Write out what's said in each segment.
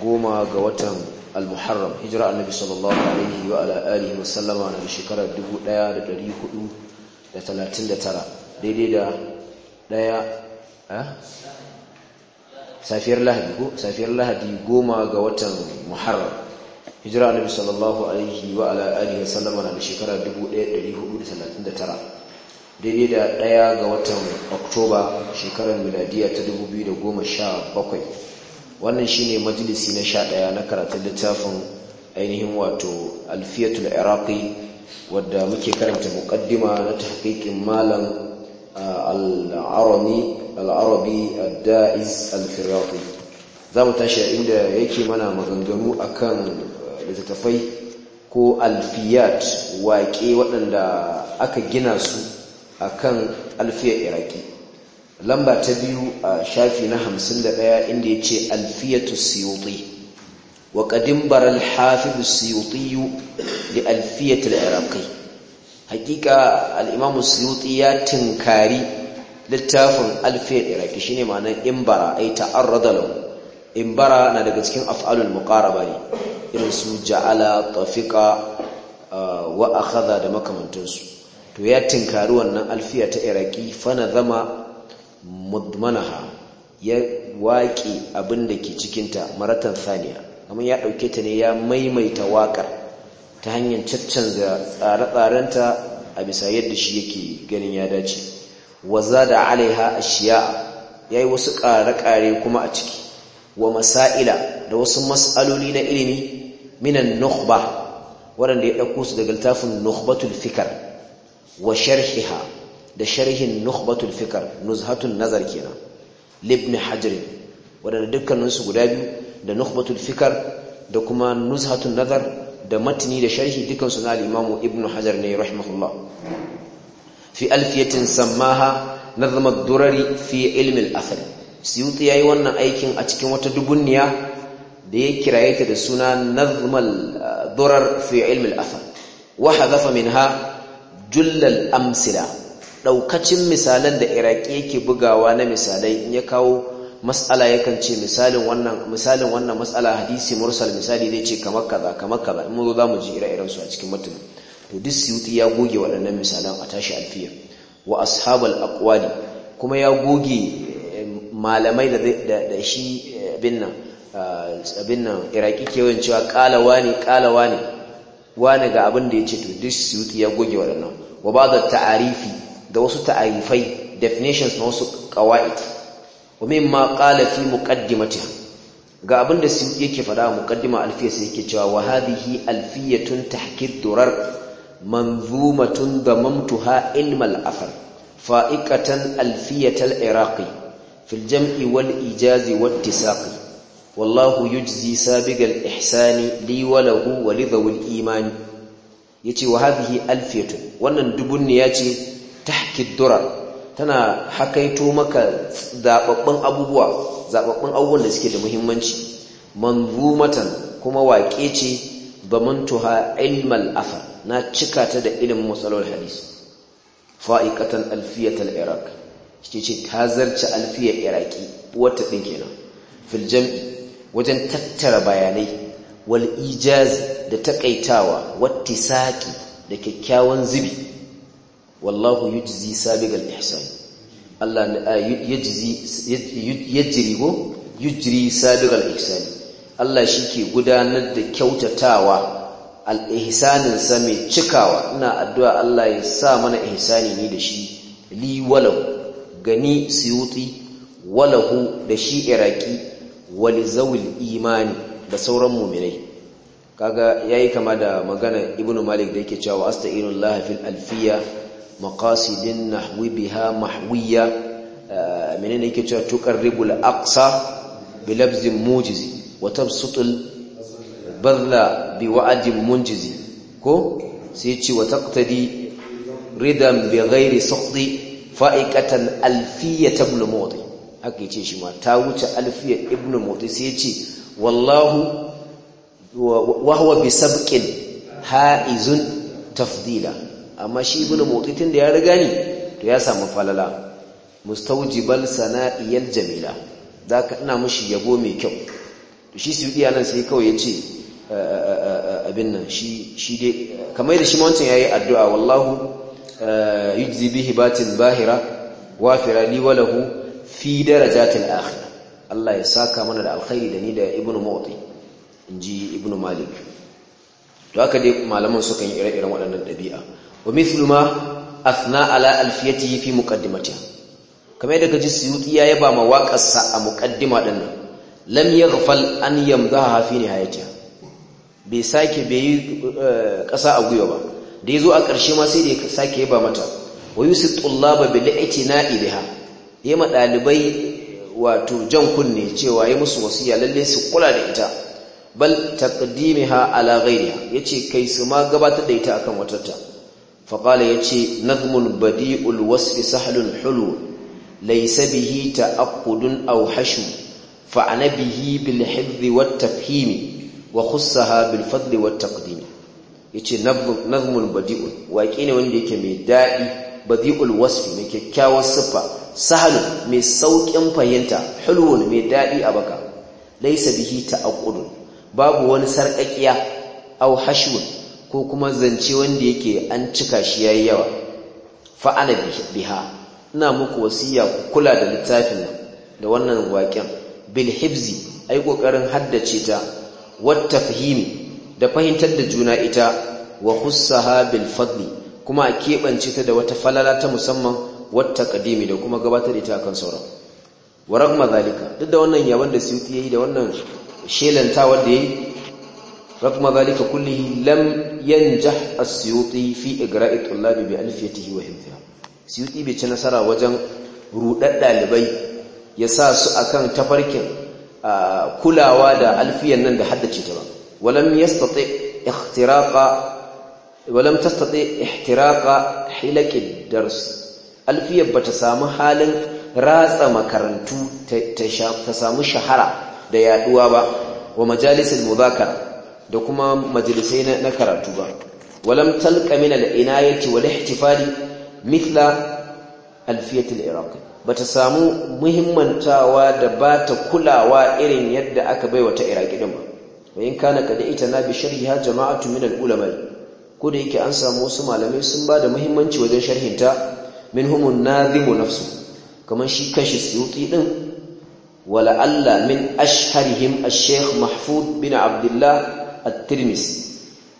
goma ga watan al-muharram hijira annabi sallallahu alaihi wa ala alihi wa sallama na shekarar 1439 daidai da daya eh safiyar lahadi ko safiyar lahadi goma ga watan muharram hijira annabi sallallahu alaihi wa ala alihi wa sallama na 1439 daidai da daya ga watan oktoba shekarar miladiya ta 2017 wannan shine majalisi na sha ɗaya na karatun littafin ainihin wato alfiyatul iraqi wadda muke karanta muqaddima na tahqiqin malam uh, al-arabi al-arabi ad-da'iz al-firaqi zamu tashi inda yake mana maganganu akan uh, littattafai ko alfiyat waƙe waɗanda aka gina su akan alfiyar iraqi lamba ta biyu a shafi na hamsin da ɗaya inda ya ce alfiyatu siyuti wa ƙadin baral hafizu siyutiyu da alfiyatul iraqi hakika al'imamu siyuti ya tinkari littafin alfiyar iraqi shine ma'anar imbara ai ta'arrada lahu imbara na daga cikin af'alul muqaraba ne irin su ja'ala tafiqa wa akhadha da makamantansu to ya tinkari wannan alfiya ta iraqi fa nazama mudmanaha ya waƙe abin da ke cikinta maratan saniya kamar ya ɗauke ta ne ya maimaita waƙar ta hanyar caccanza tsare-tsarenta a bisa yadda shi yake ganin ya dace waza da alaiha ashiya ya yi wasu ƙare-ƙare kuma a ciki wa masa'ila da wasu mas'aloli na ilimi minan nukhba waɗanda ya ɗauko su daga littafin nukhbatul fikar wa sharhiha da sharhin nukhbatul fikar nuzhatun nazar kenan libni hajar waɗanda dukkaninsu guda biyu da nukhbatul fikar da kuma nuzhatun nazar da matini da sharhi dukansu na alimamu ibnu hajar ne rahimahullah fi alfiyatin sammaha nazm durari fi ilmi al-athar suyuti yayi wannan aikin a cikin wata dubunniya da ya kiraye ta da suna nazm uh, durar fi ilmi al-athar wa hadafa minha jullal amsila daukacin misalan da iraki yake bugawa na misalai in ya kawo mas'ala yakan ce misalin wannan misalin wannan mas'ala hadisi mursal misali zai ce kamar kaza kamar kaza in mun zo zamu ji ire-iren su a cikin mutum to duk suyuti ya goge waɗannan misalan a tashi alfiya wa ashabul aqwali kuma ya goge eh, malamai da shi eh, abin nan eh, abin nan iraki kewan cewa qala wani qala wani wani ga abin da yace to duk suyuti ya goge waɗannan wa ba'da ta'arifi da wasu ta'arifai definitions na wasu qawaid wa mimma qala fi muqaddimatiha ga abin da su yake fada muqaddima alfiya sai yake cewa wa hadhihi alfiyatun tahkid durar manzumatun damamtuha ilmal afar fa'ikatan alfiyatal iraqi fil jam'i wal ijazi wattisaqi wallahu yujzi sabigal ihsani li wa lahu wa imani yace wa hadhihi alfiyatun wannan dubun ne yace tahki durar tana hakaito maka zababbin abubuwa zababbin abubuwan da suke da muhimmanci manzumatan kuma waƙe ce bamantuha ilmal afa na cika ta da ilin matsalar hadis fa'iqatan alfiyatal iraq shi ce ta zarce alfiyar iraki wata ɗin kenan fil jam'i wajen tattara bayanai wal ijazi da takaitawa wattisaki da kyakkyawan zibi. wallahu yujzi sabiqal ihsan Allah eh, yajzi ke yujri sabiqal ihsan Allah shike gudanar da kyautatawa al ihsanin sa mai cikawa ina addu'a Allah ya sa mana ihsani ne da shi li walau gani suyuti walahu da shi iraki wali zawil imani da sauran mu'minai kaga yayi kama da magana ibnu malik da yake cewa astainullahi fil alfiya maqasidin nahwi biha mahwiya eh, menene yake cewa tuqarribul aqsa bi labzin mujizi wa tabsutul badla bi wa'adin munjizi ko sai ce wa taqtadi ridan bi ghairi suqdi fa'iqatan alfiyat ibn mudi haka yace shi ma ta wuce alfiyat ibn mudi sai yace wallahu wa huwa bi sabqin ha'izun tafdila amma shi ibnu tun da ya riga ni to ya samu falala mustawjibal sana'iyal jamila zaka ina mushi yabo mai kyau to shi iya nan sai kawai ya ce eh, eh, eh, abin nan shi dai kamar da shi ma ya yi addu'a wallahu yujzi bihi batin bahira wafira li walahu fi darajatil akhirah Allah ya saka mana da alkhairi da ni da ibnu in ji Ibn malik to haka dai malaman sukan yi ire-iren waɗannan ɗabi'a wa mithlu ma athna ala alfiyatihi fi muqaddimatiha kamar yadda kaji suyuti ya yaba ma wakarsa a muqaddima din nan lam yaghfal an yamdaha fi nihayatiha bai sake bai yi eh, ƙasa a gwiwa ba da ya zo a ƙarshe ma sai da sake yaba mata wa yusif tullaba bil itina'i biha yema ɗalibai wato jan kunne cewa yi musu wasiya lalle su kula da ita bal taqdimiha ala ghayriha yace kai su ma gabatar da ita akan watarta faƙala ya ce nazmun badi'ul wasfi sahlun hulu laisa bihi ta'aqqudun aw hashu fa'ana bihi bil hifzi wat tafhimi wa khussaha bil fadli wat taqdim yace nazmun waƙi ne wanda yake mai daɗi badi'ul wasfi mai kyakkyawar siffa Sahalun mai sauƙin fahimta Hulun mai daɗi a baka laisa bihi ta'aqqudun babu wani sarƙaƙiya Au, hashwun ko kuma zance wanda yake an cika shi yayi yawa fa'ana biha ina muku wasiya ku kula da littafin nan da wannan waƙen bil hibzi ai ƙoƙarin haddace ta wata fahimi da fahimtar da juna ita wa ha bil fadli kuma a keɓance ta da wata falala ta musamman wata ƙadimi da kuma gabatar ita kan sauran warag mazalika duk da wannan yawon da suyuti yi da wannan shelanta wanda yi ragma mazalika kullihi lam yanjah as-suyuti fi igra'i tullabi bi alfiyatihi wa himfiha suyuti bai ci nasara wajen rudar dalibai ya sa su akan tafarki kulawa da alfiyan nan da haddace ta ba walam yastati ikhtiraqa walam tastati ihtiraqa hilak ad-dars alfiyar bata samu halin ratsa makarantu ta samu shahara da yaɗuwa ba wa majalisar muzakara da kuma majalisai na karatu ba walam talqa min al-inayati wal ihtifali mithla alfiyat al-iraq bata samu muhimmantawa da bata kulawa irin yadda aka baiwa ta iraki din ba wayin kana kada ita na bi sharhiha jama'atu min al-ulama ko da yake an samu wasu malamai sun bada muhimmanci wajen sharhinta minhumun nadhimu nafsu kaman shi kashi suyuti din wala alla min ashharihim ash-shaykh mahfud bin abdullah at wata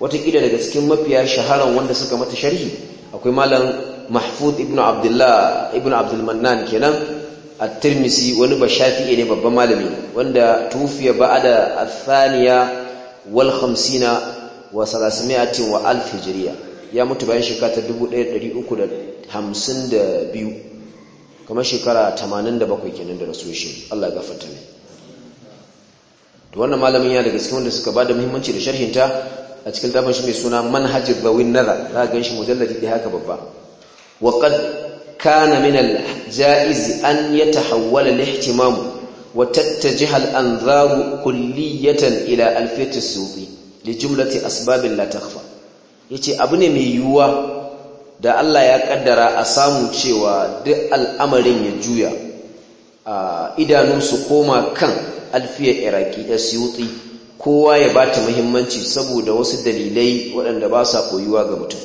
watakila daga cikin mafiya shaharan wanda suka mata sharhi akwai malam mahfud ibn abdullah ibn abdulmannan kenan at-tirmisi wani ba shafi'i ne babban malami wanda tufiya ba'da al-thaniya wal 50 wa 300 wa 1000 hijriya ya mutu bayan shekara ta 1352 kamar shekara 87 kenan da rasulullahi Allah ya gafarta mai to wannan malamin ya daga cikin wanda suka ba da muhimmanci da sharhinta a cikin tafin shi mai suna manhajir zawin nazar za gan ganshi mujalladi da haka babba wa qad kana min al jaiz an yatahawwala al ihtimam wa tattajih al anzar kulliyatan ila alfiyat as-sufi li jumlati asbab la takhfa yace abu ne mai yuwa da Allah ya kaddara a samu cewa duk al'amarin ya juya idanu su koma kan alfiyar iraki da siyuti kowa ya ba ta muhimmanci saboda wasu dalilai waɗanda ba sa koyuwa ga mutum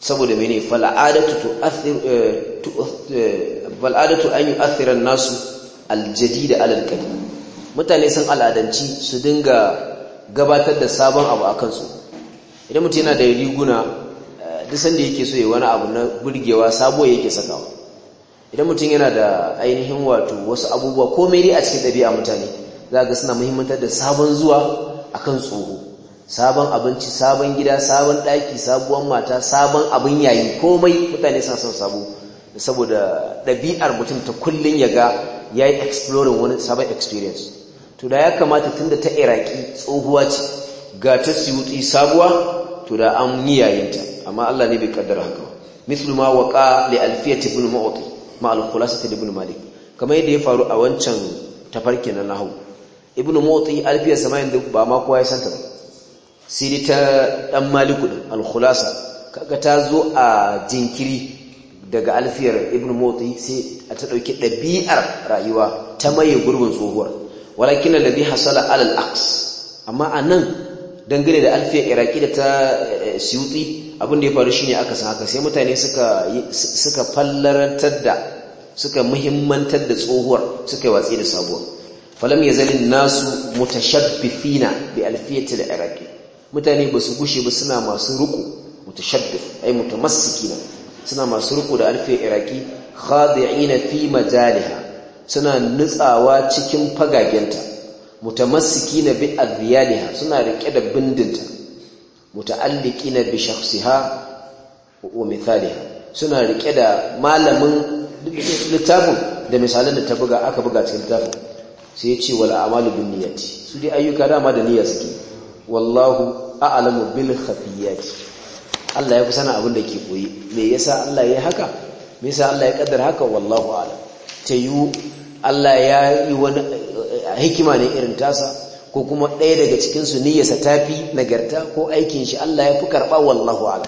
saboda mene fal'adatu eh, eh, an yi athiran nasu aljadi da alalkali mutane sun al'adanci su dinga gabatar da sabon abu a kansu idan mutum yana da riguna eh, duk sanda yake so ya wani abu na burgewa sabo yake sakawa idan mutum yana da ainihin wato wasu abubuwa komai dai a cikin ɗabi'a mutane za ga suna muhimmantar da sabon zuwa a kan tsoho sabon abinci sabon gida sabon ɗaki sabuwar mata sabon abin yayi komai mutane suna son sabo saboda ɗabi'ar mutum ta kullum ya ga ya yi exploring wani sabon experience to da ya kamata tun da ta iraki tsohuwa ce ga ta siyuti sabuwa to da an yi yayinta amma allah ne bai kaddara haka ba. mislu ma waƙa li alfiyar ibn mu'ti ma'al khulasati ibn malik kamar yadda ya faru a wancan tafarki na nahwu ibn mu'ti alfiya samain da ba ma kowa ya santa ba sai ta dan maliku din al khulasa kaga ta zo a jinkiri daga alfiyar ibn mu'ti sai ta dauki dabi'ar rayuwa ta maye gurbin tsohuwar walakin alladhi hasala ala al aqs amma anan dangane da alfiyar iraki da ta eh, siyuti abin da ya faru shine aka san haka sai mutane suka suka fallarantar da suka muhimmantar da tsohuwar suka yi watsi da sabuwar falam yazalin nasu mutashabbifina bi alfiyati al-iraqi mutane ba su gushe ba suna masu ruku mutashabbif ay mutamassikina suna masu ruku da alfiyar iraqi khadi'ina fi majaliha suna nutsawa cikin fagagenta mutamassikina bi adbiyaliha suna rike da bindinta muta'alliqina bi shakhsiha wa mithaliha suna rike da malamin littafin da misalan da ta buga aka buga cikin littafin sai ya ce wal a'malu bin niyyati su dai ayyuka dama da niyya suke wallahu a'lamu bil khafiyati Allah ya fi sana abin da ke koyi me yasa Allah ya haka me yasa Allah ya kaddara haka wallahu a'lam tayu Allah ya yi wani eh, hikima ne irin tasa ko kuma ɗaya daga cikinsu niyyasa ta fi nagarta ko aikin shi Allah ya fi karɓa wallahu ala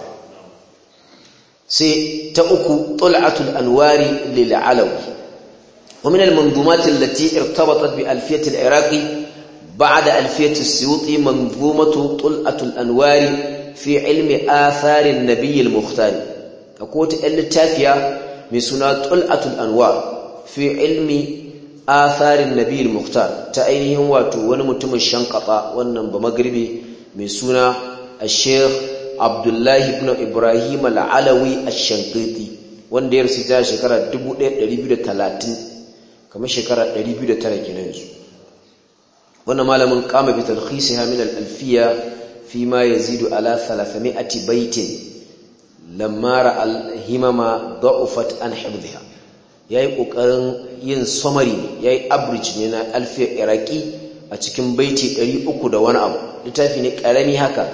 sai ta uku tul'atul alwari lil alawi wa min al mandumatil lati irtabatat bi alfiyatil iraqi ba'da alfiyatis suyuti mandumatu tul'atul anwari fi ilmi atharin nabiy al mukhtar akwai ta littafiya mai suna tul'atul anwar fi ilmi atharin nabiyil muhtar ta ainihin wato wani mutumin shankaba wannan ba magribi mai suna al-sheikh abdullahi ibn ibrahim al-alawi al-shankiti wanda ya rasu ta shekara 1230 kamar shekara 209 kenan yanzu wannan malamin kama bi talkhisiha min al-alfiya fi ma yazidu ala 300 baitin lamma ra'a al-himama da'ufat an hifdhiha ya yi ƙoƙarin yin summary ya yi average ne na alfiyar iraki a cikin baiti 300 da wani abu littafi ne ƙarami haka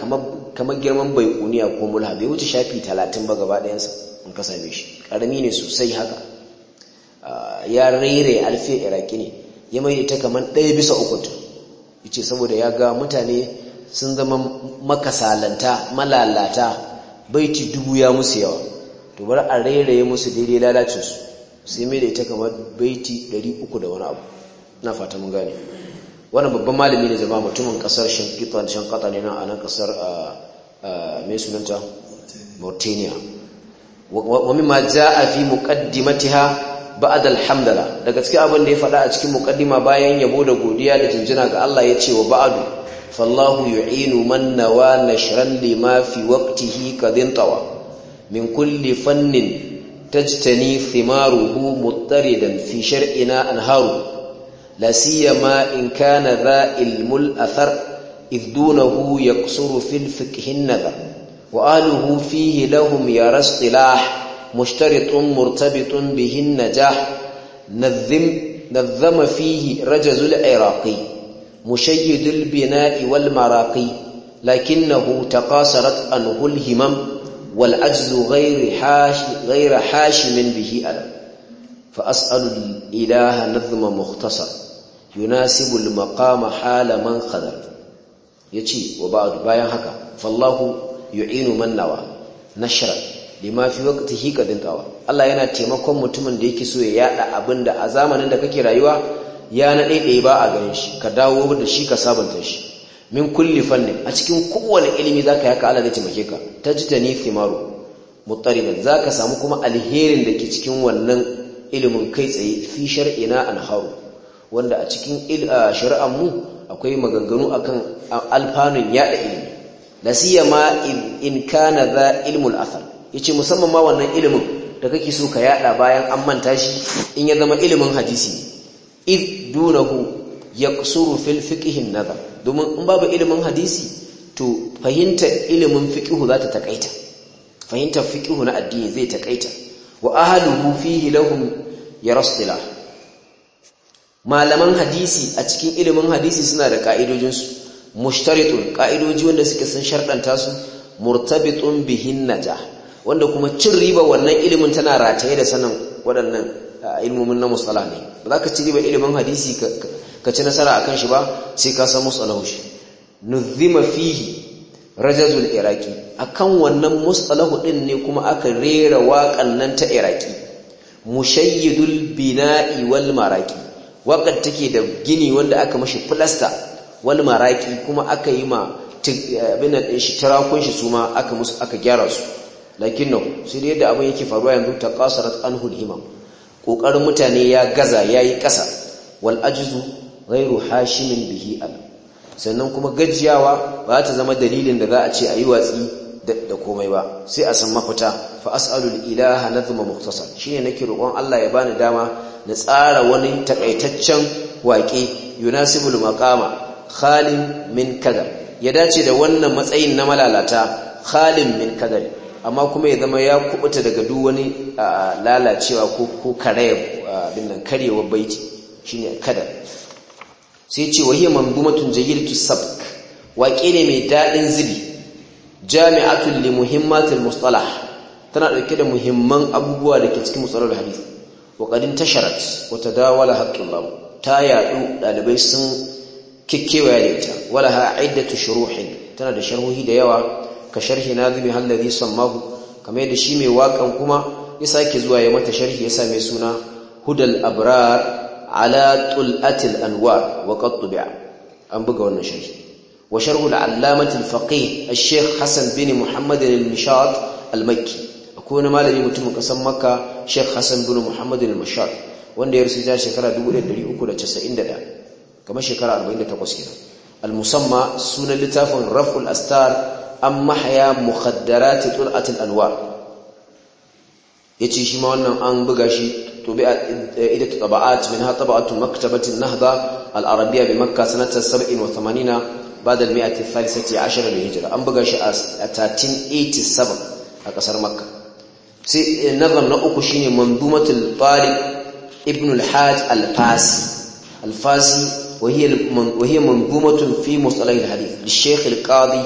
kamar girman bai a ko mulha bai wuce shafi talatin ba gaba ɗayansa in ka same shi ƙarami ne sosai haka ah, ya rere alfiyar iraki ne ya mai ta kamar ɗaya bisa uku ya ce saboda ya ga mutane sun zama makasalanta malalata baiti dubu ya musu yawa to bari a rairaye musu daidai lalacinsu sai mai da ita kamar baiti 300 da wani abu na fata mun gane wannan babban malami ne zama mutumin kasar shankitan shankata ne a nan kasar mai sunanta mauritania wa mimma a fi muqaddimatiha ba'ad alhamdala daga cikin abin da ya faɗa a cikin mukaddima bayan yabo da godiya da jinjina ga Allah ya ce wa ba'adu fallahu yu'inu man nawa nashran lima fi waqtihi tawa min kulli fannin tajtani hu muttaridan fi shar'ina anharu la siyama in kana dha ilmul athar idh dunahu yaqsuru fil fiqhi an-nadar wa ahluhu fihi lahum yara istilah mushtaritun murtabitun bihi an-najah نظم نظم فيه رجز العراقي مشيد البناء والمراقي لكنه تقاصرت عنه الهمم wal ajzu hashi ghairu hashimin bihi ala fa as'alu ilaha nazma mukhtasar yunasibu al maqama hala man khadar yace wa ba'd bayan haka fallahu yu'inu man nawa nashra lima fi waqtihi kadin qawa Allah yana taimakon mutumin da yake so ya yada abinda a zamanin da kake rayuwa ya na daidai ba a ganin shi ka dawo da shi ka sabunta shi min kulli fannin a cikin kowane ilimi zaka yaka Allah zai taimake ka tajtani thimaru za ka samu kuma alherin da ke cikin wannan ilimin kai tsaye fi shar'ina anharu wanda a cikin shari'ar mu akwai maganganu akan alfanun yada ilimi siya ma in kana za ilmul athar yace musamman ma wannan ilimin da kake so ka yada bayan an manta shi in ya zama ilimin hadisi id dunahu kusuru fil fiƙihin nazar domin in babu ilimin hadisi to fahimta ilimin fiƙihu za ta taƙaita fahimta fiƙihu na addini zai taƙaita. wa ahluhu fihi lahum yarasila malaman hadisi a cikin ilimin hadisi suna da ƙa'idojinsu, mushtaritun ƙa'idoji wanda suke sun sharɗanta su murtabitun bihin wanda kuma cin riba wannan ilimin tana rataye da sanin waɗannan ilmomin na musala ne ba za ka ci riba ilimin hadisi ka ci nasara a kan shi ba sai ka san musalahu shi nuzima fihi rajazul A akan wannan musalahu din ne kuma aka rera waƙan nan ta iraki mushayyidul bina'i wal maraki waƙar take da gini wanda aka mashi filasta wal maraki kuma aka yi ma binan din shi tarakun shi suma aka musu aka gyara su no sai da yadda abin yake faruwa yanzu ta anhu al-himam kokarin mutane ya gaza ya yi ƙasa wal ajzu ghairu hashimin bihi ab sannan kuma gajiyawa ba ta zama dalilin da za a ce a yi watsi da komai ba sai a san mafita fa as'alul ilaha nazma mukhtasar shine nake roƙon Allah ya bani dama na tsara wani takaitaccen waƙe yunasibul maqama khalin min kadar ya dace da wannan matsayin na malalata khalin min kadar amma kuma ya zama ya kubuta daga duk wani lalacewa ko ko karaya nan karewa baiti shine kadar sai ce wahiyar mandumatun jayyidatu sabk waƙe ne mai daɗin zibi jami'atun li muhimmatul mustalah tana ɗauke da muhimman abubuwa da ke cikin mustalar hadith wa qadin tasharat wa tadawala haqqullah ta yaɗu ɗalibai sun kikkewaya da ita wala ha iddatu shuruhin tana da sharhohi da yawa ka sharhi nazimi alladhi sammahu kamar yadda shi mai waƙan kuma ya sake zuwa ya mata sharhi ya same suna hudal abrar على طلأة الأنوار وقد طبع أنبقى والنشر وشره العلامة الفقيه الشيخ حسن بن محمد المشاط المكي أكون مالي متمك سمك شيخ حسن بن محمد المشاط وأن يرسل ذلك شكرا دولة دولة أكل تسعين دولة كما شكرا أربعين دولة المسمى سنة لتافن رفع الأستار أما حياة مخدرات طلأة الأنوار ya ce shi wannan an buga shi to bi a eh, ida ta taba'at maktabatin nahda al-arabiyya bi makka sanatan 87 ba'da al-mi'ati al-thalithati 10 hijra an buga shi a 1387 a kasar makka sai eh, nazar na uku shine mandumatul tariq ibn al-hajj al-fasi al-fasi wahiya mandumatun fi musalahi al-hadith li-shaykh al-qadi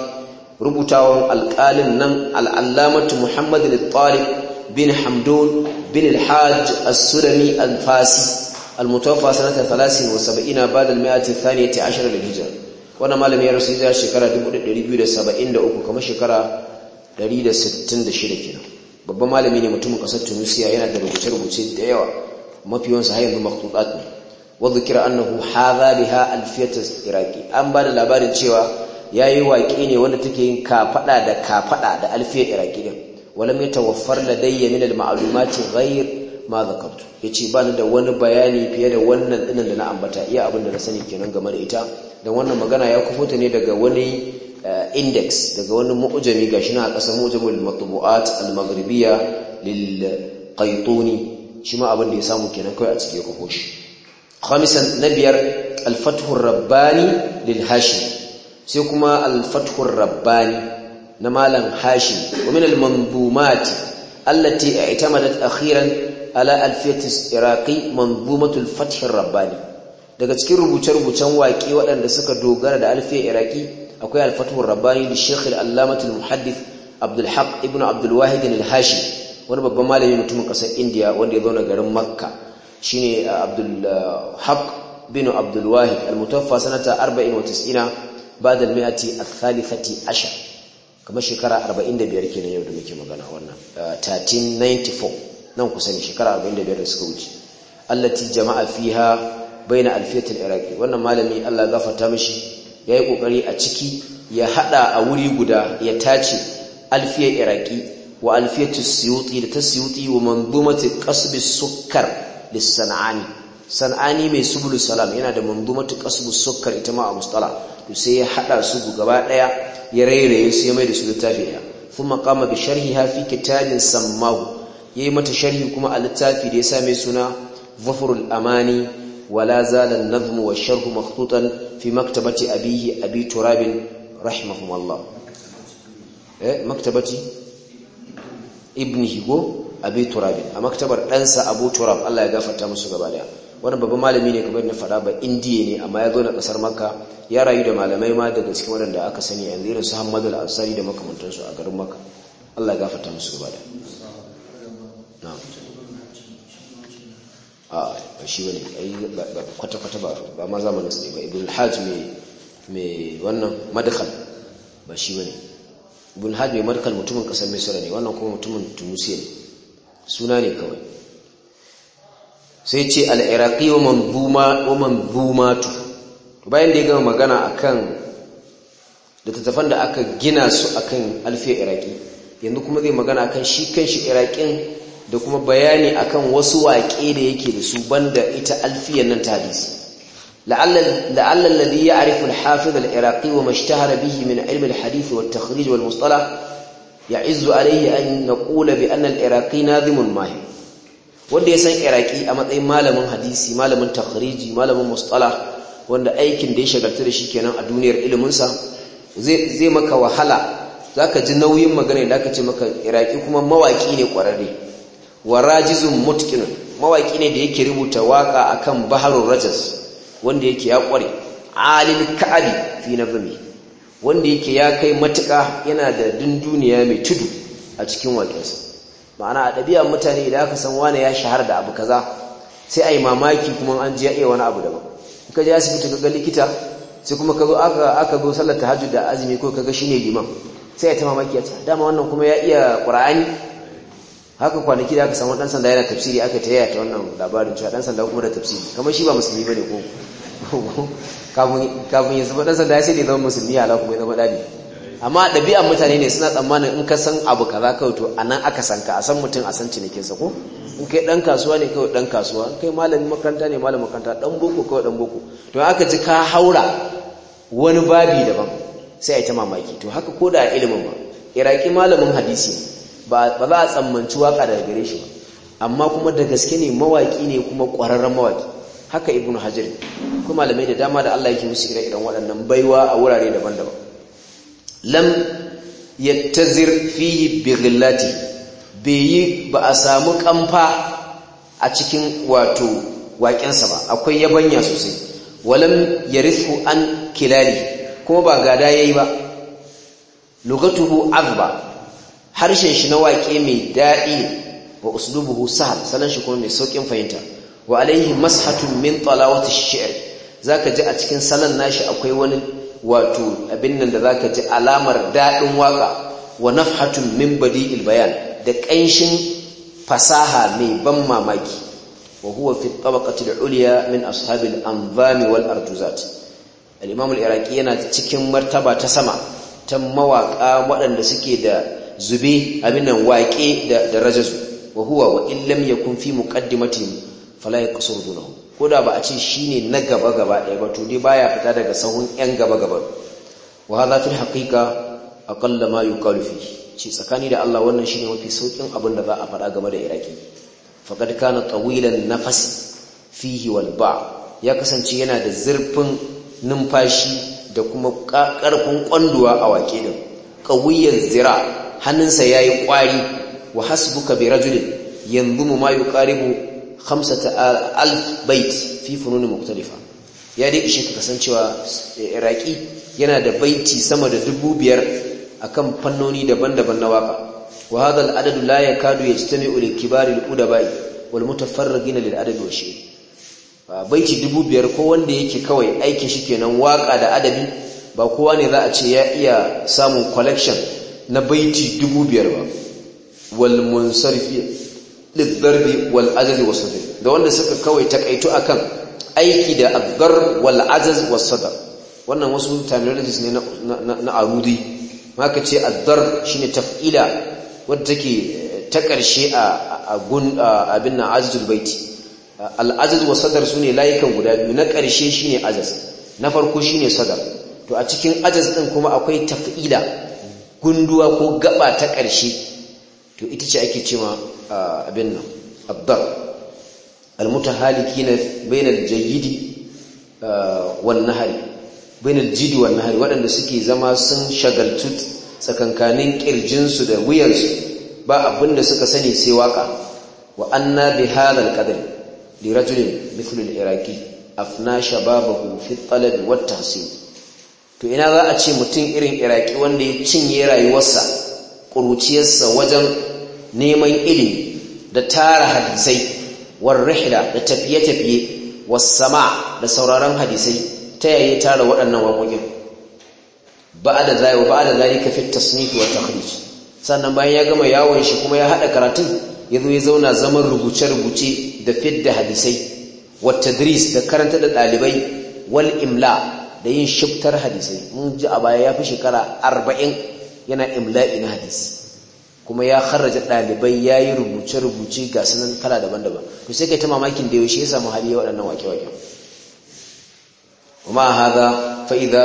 nan al-allamatu muhammad al-tariq بن حمدون بن الحاج السلمي الفاسي المتوفى سنة 73 بعد المئة الثانية عشر للهجرة وانا مالم يرسل إذا شكرا دبو سبعين دا كما شكرا دريد ستين دا شركنا babban malami ne mutumin kasar tunisiya yana da rubuce-rubuce da yawa mafiyansa har yanzu maktutat ne wadda kira annahu haza biha alfiyatus iraki an ba da labarin cewa yayi waƙe ne wanda take yin kafaɗa da kafaɗa da alfiyar iraki din walam yatawaffar ladayya min al-ma'lumati ghayr ma yace ba ni da wani bayani fiye da wannan dinan da na ambata iya abin da na sani kenan game da ita dan wannan magana ya kufo ta ne daga wani eh, index daga wani mu'jami gashi na kasar mu'jamul matbu'at al-maghribiyya lil qaituni shi ma abin da ya samu kenan kai a ciki ya kufo shi khamisan nabiyar al-fathu ar-rabbani lil hashim sai kuma al-fathu ar-rabbani na malam hashim wa min al-manzumat allati i'tamadat akhiran ala alfiyat iraqi manzumatul fath rabbani daga cikin rubuce-rubucen waki waɗanda suka dogara da alfiyar iraqi akwai al-fathur rabbani li shaykh al-allamah al-muhaddith abdul haq ibn abdul wahid al-hashim wani babban malami mutumin ƙasar indiya wanda ya zauna garin makka shine uh, abdul uh, haq بن عبد الواحد المتوفى سنة 94 بعد المئة الثالثة عشر kamar shekara 45 kenan yau da muke magana wannan 1394 uh, nan kusan shekara 45 da suka wuce allati jama'a fiha baina alfiyatul iraqi wannan malami Allah ya gafarta mishi yayi kokari a ciki ya hada a wuri guda ya tace alfiyar iraqi wa alfiyatus suyuti da tasyuti wa manzumatul qasb sukkar lis-sanani san'ani mai subulu salam yana da manzumatu qasbu sukkar ita ma a mustala to sai ya haɗa su gaba ɗaya ya rairaye su ya mai da su littafi ɗaya kuma qama bi sharhiha fi kitabin sammahu yayi mata sharhi kuma a littafi da ya sa mai suna zafurul amani wala zala an wa sharhu makhtutan fi maktabati abihi abi rahimahumullah eh maktabati ibnihi go abi a maktabar ɗansa abu turab Allah ya gafarta musu gaba ɗaya wannan babban malami ne kamar na fara ba indiya ne amma ya zo na kasar makka ya rayu da malamai ma daga cikin waɗanda aka sani yanzu irin su hamadu al'asari da makamantansu a garin makka allah ya musu gaba da a shi wani kwata-kwata ba ma zamanin su ne ba ibn hajj mai wannan madakal ba shi wani ibn hajj mai madakal mutumin kasar misira ne wannan kuma mutumin ne suna ne kawai sai ce al’iraƙi waman bumatu bayan da ya gama magana a kan littattafan da aka gina su a kan alfiyar iraƙi yanzu kuma zai magana a kan shi kan iraƙin da kuma bayani a kan wasu waƙe da yake da su banda ita alfiyar nan ta hadisi la'allar da ya arifin al-hafiz al-iraqi wa mashtahara bihi min ilmi al-hadis wa takhrij wal mustalah ya izu alaihi an naqula bi anna al-iraqi nazimun mahim wanda ya san iraki a matsayin malamin hadisi malamin takhriji malamin mustalah wanda aikin da ya shagaltar da shi kenan a duniyar iliminsa zai maka wahala za ka ji nauyin magana da ka ce maka iraki kuma mawaki ne kwararre wa rajizun mutkinun mawaki ne da yake rubuta waka akan kan baharun rajas wanda yake ya kware alil ka'abi fi na wanda yake ya kai matuƙa yana da dunduniya mai tudu a cikin waƙensa ma'ana a ɗabi'ar mutane idan aka san wane ya shahara da abu kaza sai a yi mamaki kuma an ji ya iya wani abu daban ka je asibiti ka ga likita sai kuma ka zo aka zo sallar tahajjud da azumi ko ka ga shine liman sai ya ta mamaki ya ce dama wannan kuma ya iya qur'ani haka kwanaki da aka san dan sanda yana tafsiri aka ta yaya ta wannan labarin cewa dan sanda kuma da tafsiri kamar shi ba musulmi bane ko kafin ya zama dan sanda ya sai da zama musulmi ala kuma ya zama dadi amma ɗabi'an mutane ne suna tsammanin in ka san abu kaza kawai to a nan aka san ka a san mutum a san cinikinsa ko in kai ɗan kasuwa ne kawai ɗan kasuwa in kai malamin makaranta ne malamin makaranta ɗan boko kawai ɗan boko to aka ji ka haura wani babi daban sai a yi ta mamaki to haka ko da ilimin ba iraki malamin hadisi ba za a tsammanci waka daga gare shi ba amma kuma da gaske ne mawaki ne kuma ƙwararren mawaki haka ibnu hajar kuma malamai da dama da Allah yake musu ire-iren waɗannan baiwa a wurare daban-daban lam yattazir fihi bi ghillati bai ba a samu kamfa a cikin wato waƙensa ba akwai yabanya sosai walam yarithu an kilali kuma ba gada yayi ba lugatuhu azba harshen shi na wake mai daɗi wa uslubuhu sahl sanan shi kuma mai saukin fahimta wa alaihi mashatun min talawati shi'r zaka ji a cikin salon nashi akwai wani wato abin nan da zaka ji alamar daɗin waka wa nafhatun min badi bayan da ƙanshin fasaha mai ban mamaki wa huwa fi tabaqati al-ulya min ashabi al-anzam wal artuzat al-imam al-iraqi yana cikin martaba ta sama ta mawaka waɗanda suke da zube abin nan waƙe da rajazu wa huwa wa in lam yakun fi muqaddimatihim fala yaqsuru dunahu ko da ba a ce shine na gaba gaba ɗaya ba to dai baya fita daga sahun yan gaba gaba wa fi haƙiƙa a aqalla ma yi fi ce tsakani da Allah wannan shine mafi saukin abin da za a faɗa game da Iraki faqad kana tawilan nafas fihi wal ba ya kasance yana da zurfin numfashi da kuma ƙarfin ƙwanduwa a waƙe din qawiyyaz zira hannunsa ya yi ƙwari. wa hasbuka bi rajulin yanzu mu ma ƙaribu khamsata alf bait fi funun mukhtalifa ya dai ishe ka kasancewa iraki yana da baiti sama da dubu biyar akan fannoni daban-daban na waka wa hadha al-adad la yakadu yajtami'u li kibari al-udaba'i wal mutafarrigin lil adad wa shi'r baiti dubu biyar ko wanda yake kawai aikin shi kenan waka da adabi ba kowa ne za a ce ya iya samun collection na baiti dubu biyar ba wal munsarifi liddarbi wal ajaz was sadr da wanda suka kawai takaitu akan aiki da addarb wal was sadr wannan wasu terminologies ne na arudi maka ce addarb shine taf'ila wanda take eh, ta karshe a gun abin na baiti al ajiz was sadr sune layukan guda biyu na karshe shine ajaz na farko shine sadr to a cikin ajaz din kuma akwai taf'ila gunduwa ko gaba ta karshe to ita ce ake cewa abin nan abdar na bainal jayidi ah, wannan hari bainal jidi wannan hari waɗanda suke zama sun shagaltu tsakankanin ƙirjinsu da wuyarsu ba abinda suka sani sai waka wa anna bi hadal qadr li rajulin Iraki iraqi afna shababahu fi talab wa to ina za a ce mutum irin iraki wanda ya cinye rayuwarsa ƙuruciyarsa wajen neman ilimi da tara hadisai war da tafiye-tafiye wasama, da sauraron hadisai ta yayi tara waɗannan waƙoƙin ba'da zai da ba'da ka fi tasnif wa takhrij sannan bayan ya gama yawon shi kuma ya haɗa karatun yazo ya zauna zaman rubuce-rubuce da fidda hadisai wa tadris da karanta da ɗalibai, wal imla da yin shiftar hadisai mun ji a baya ya fi shekara arba'in, yana imla'i na hadisi kuma ya kharraja ɗalibai ya yi rubuce-rubuce ga sunan kala daban-daban to sai kai ta mamakin da yaushe ya samu hali ya waɗannan wake-wake kuma a haza fa'iza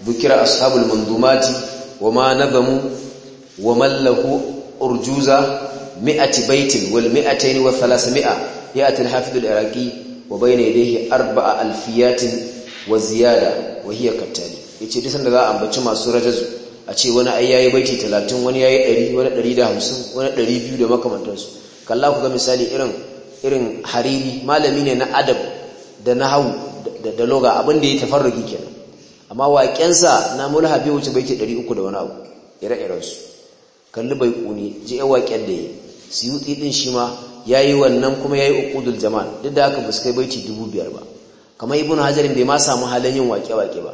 bukira ashabul mandumati wa ma nazamu wa mallaku urjuza mi'ati baitin wal mi'atayn wa thalathmi'a ya'ti al-hafiz al-iraqi wa bayna yadayhi arba'a alfiyatin wa ziyada wa hiya kattali yace duk sanda za a ambaci masu rajazu a ce wani ai yayi baiti 30 wani yayi 100 wani 150 wani 200 da makamantansu kalla ku ga misali irin irin hariri malami ne na adab da nahwu da loga abin da ya tafarrugi kenan amma sa na mulhabi wuce baiti 300 da wani abu ire-iren su kalli bai kuni ji ai waƙen da yi siyuti din shi ma yayi wannan kuma yayi uqudul jamal duk da haka ba su kai baiti 2500 ba kamar ibnu hajarin bai ma samu halin yin waƙe-waƙe ba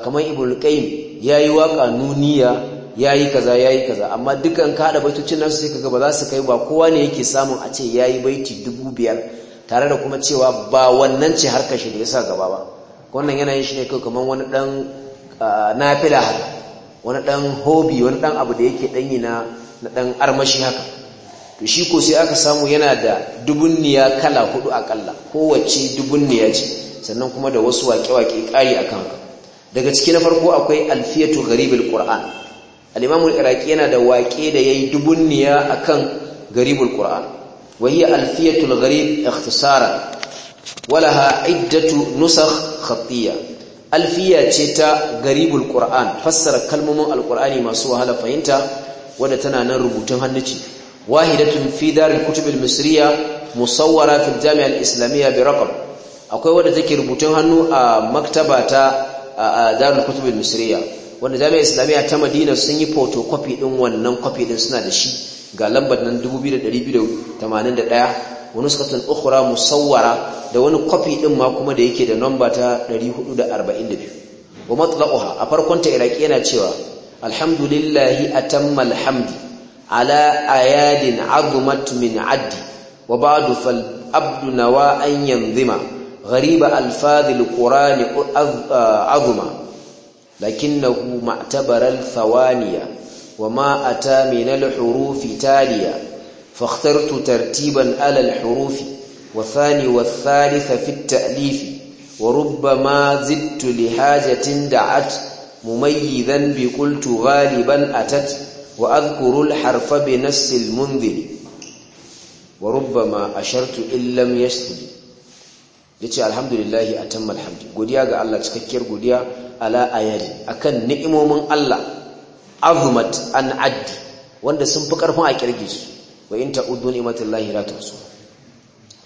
kamar ibn qayyim yayi waka nuniya yayi kaza yayi kaza amma dukan ka baitocin nasu sai kaga ba za su kai ba kowa ne yake samun a ce yayi baiti biyar tare da kuma cewa ba wannan ce harkar shi da yasa gaba ba wannan yana yin shi ne kamar wani dan nafila haka wani dan hobi wani dan abu da yake danyi na na dan armashi haka to shi ko sai aka samu yana da dubunniya kala hudu akalla kowace dubunniya ce sannan kuma da wasu wake wake ƙari akan ka. daga ciki na farko akwai alfiyatu gharibul qur'an al-imam al-iraqi yana da waƙe da yayi dubunniya akan gharibul qur'an wa hiya alfiyatu al-gharib ikhtisara walaha iddatu nusakh khatiyya alfiya ce ta garibul qur'an fassara kalmomin al-qur'ani masu wahala fahimta wadda tana nan rubutun hannu ce wahidatun fi daril kutub al-misriya musawwara fi al al-islamiyya bi raqam akwai wadda take rubutun hannu a maktaba ta A'a kutub kutubin misriya wanda jami'ar islamiyya ta madina sun yi photocopy din wannan copy din suna da shi ga lambar nan 2281 wani sukatul ukhra musawwara da wani copy din ma kuma da yake da number ta 442 wa matla'uha a farkon ta iraki yana cewa alhamdulillahi atammal hamdi ala ayadin azumat min addi wa ba'du fal abdu nawa an yanzima غريب ألفاظ القرآن عظما لكنه ما اعتبر الثوانية وما أتى من الحروف تالية فاخترت ترتيبا على الحروف والثاني والثالث في التأليف وربما زدت لحاجة دعت مميزا بقلت غالبا أتت وأذكر الحرف بنفس المنذر وربما أشرت إن لم يسلم yace alhamdulillahi atammal hamdi godiya ga Allah cikakkiyar godiya ala yari akan ni'imomin Allah azumat an addi wanda sun fi karfin a kirge su wa in ta'uddu ni'matallahi la tuhsu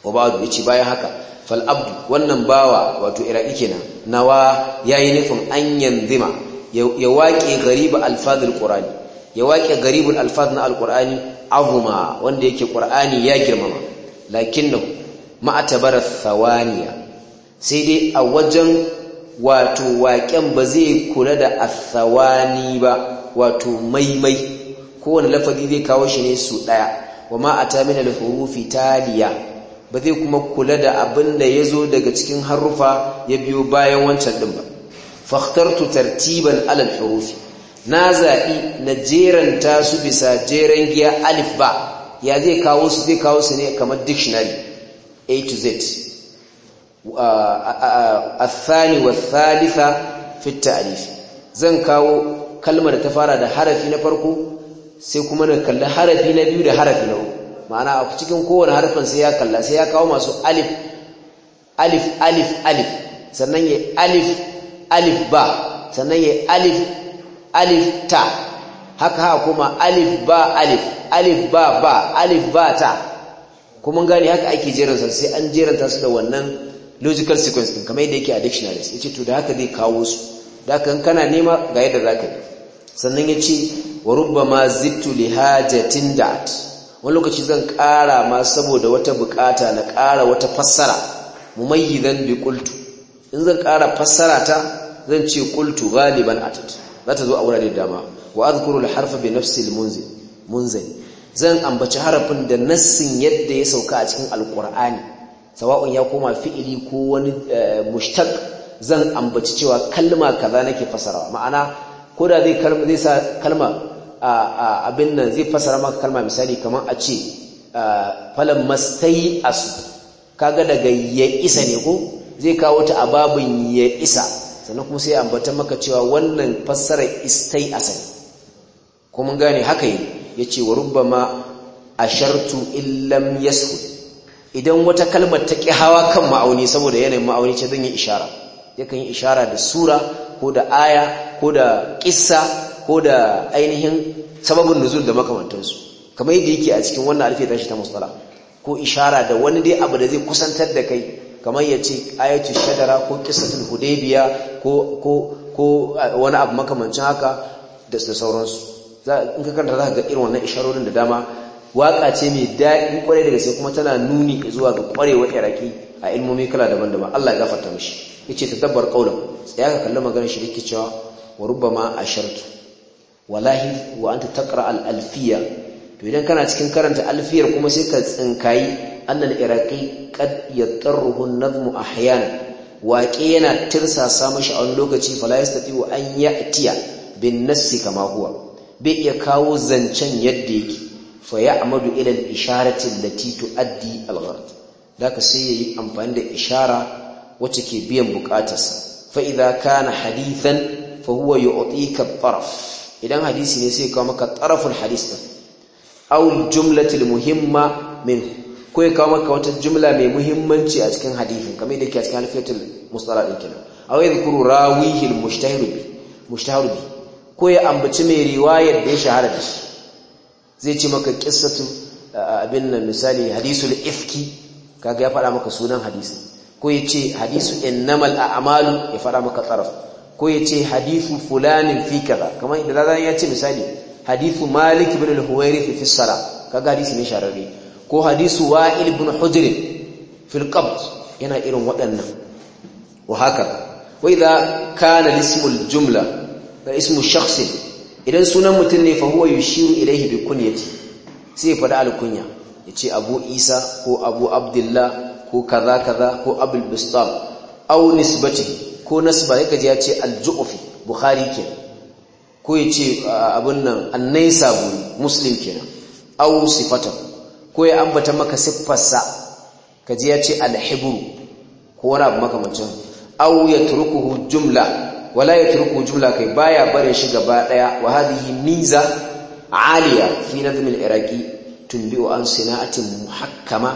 wa ba'du yace bayan haka fal abdu wannan bawa wato iraki kenan nawa yayi nufin an yanzima ya waƙe gariba alfazul qur'ani ya waƙe garibul alfaz na alqur'ani azuma wanda yake qur'ani ya girmama lakinnahu ma'atabarar thawaniya sai dai a wajen wato waƙen ba zai kula da tsawani ba wato maimai kowane lafazi zai kawo shi ne su ɗaya wa ma'ata mina da hurufi taliya ba zai kuma kula da abin da ya zo daga cikin harufa ya biyo bayan wancan ɗin ba fahtartu tartiban alal hurufi na zaɓi na jeranta su bisa jeren giya alif ba ya zai kawo su zai kawo su ne kamar dictionary A to Z الثاني والثالثة a التعريف zan kawo kalmar da ta fara da harafi na farko sai kuma na kalli harafi na biyu da harafi na uku ma'ana a cikin kowane harafin sai ya kalla sai ya kawo masu alif alif alif alif sannan ya alif alif ba sannan ya alif alif ta haka haka kuma alif ba alif alif ba ba alif ba ta kuma gane haka ake jeransa sai an jeranta su da wannan logical sequence din kamar yadda yake a dictionaries yace to da haka zai kawo su da haka in kana nema ga yadda zaka yi sannan yace wa rubbama zittu li hajatin dat wani lokaci zan kara ma saboda wata bukata na kara wata fassara mumayyizan bi qultu in zan kara fassara ta zan ce qultu ghaliban atat za zo a wurare dama wa azkuru al-harfa bi nafsi al-munzil munzil zan ambaci harafin da nassin yadda ya sauka a cikin alkur'ani sawa'un ya koma fi'ili ko wani eh, mushtaq zan ambaci cewa kalma kaza nake fasarawa ma'ana ko da zai kalma zai sa kalma abin nan zai fasara maka kalma misali kamar a ce falan mastai asu kaga daga ya isa ne ko zai kawo ta a ya isa sannan kuma sai ambata maka cewa wannan fassarar istai asali kuma gane haka yi ya ce wa a shartu illam yashu idan wata kalmar ta ƙi hawa kan ma'auni saboda yanayin ma'auni ce zan yi ishara ya kan yi ishara da sura ko da aya ko da ƙisa ko da ainihin sababin nuzul da makamantansu kamar yadda yake a cikin wannan alfiya tashi ta matsala ko ishara da wani dai abu da zai kusantar da kai kamar ya ce ayatu shadara ko qissatul hudaybiya ko ko ko wani abu makamancin haka da sauransu in ka karanta za ka ga irin wannan isharorin da dama waƙa ce mai daɗi kwarai daga sai kuma tana nuni zuwa ga kwarewar iraki a ilmomi kala daban-daban Allah ya gafarta mishi ta dabbar ƙaunar tsaya ka kalli maganar shi dake cewa wa a ashartu walahi wa an ta takara al'alfiya to idan kana cikin karanta alfiyar kuma sai ka tsinkayi annal iraki kad ya an-nazmu ahyana waƙe yana tirsasa mashi a wani lokaci fala wa an ya'tiya bin nassi kama huwa bai iya kawo zancen yadda yake fa ya amadu ilal isharatin lati tuaddi al-gharad daka sai yayi amfani da ishara wacce ke biyan bukatarsa fa idza kana hadithan fa huwa yu'tika at-taraf idan hadisi ne sai kawo maka taraful hadis din aw al muhimma min ko ya kawo maka wata jumla mai muhimmanci a cikin hadisin kamar yadda yake a cikin alfiyatul mustala din kenan aw yadhkuru rawihi al-mushtahir bi mushtahir bi ko ya ambaci mai riwayar da ya shahara da shi zai ce maka kissatu abin nan misali hadisul ifki kaga ya faɗa maka sunan hadisi ko ya ce hadisu innamal a'malu ya faɗa maka tsaraf ko ya ce hadisu fulanin fi kaza kamar da zan ya ce misali hadisu malik ibn al-huwairith fi sala kaga hadisi ne shararre ko hadisu wa'il ibn hujr fil qabd yana irin waɗannan wa haka wa idza kana ismul jumla fa ismu shakhsi. idan sunan mutum ne fa huwa yushiru ilayhi bi kunyati sai fada alkunya yace abu isa ko abu abdullah ko kaza kaza ko abul bistam aw nisbati ko nasba yake ji yace al-ju'fi bukhari kenan ko yace abun nan an-naisaburi muslim kenan aw sifatan ko ya ambata maka siffarsa kaji yace al-hibru ko wani abu makamancin aw yatrukuhu jumla wala turku jumla kai baya bare shi gaba daya wa hadhihi niza aliya fi nadm al-iraqi tunbi'u an sina'atin muhakkama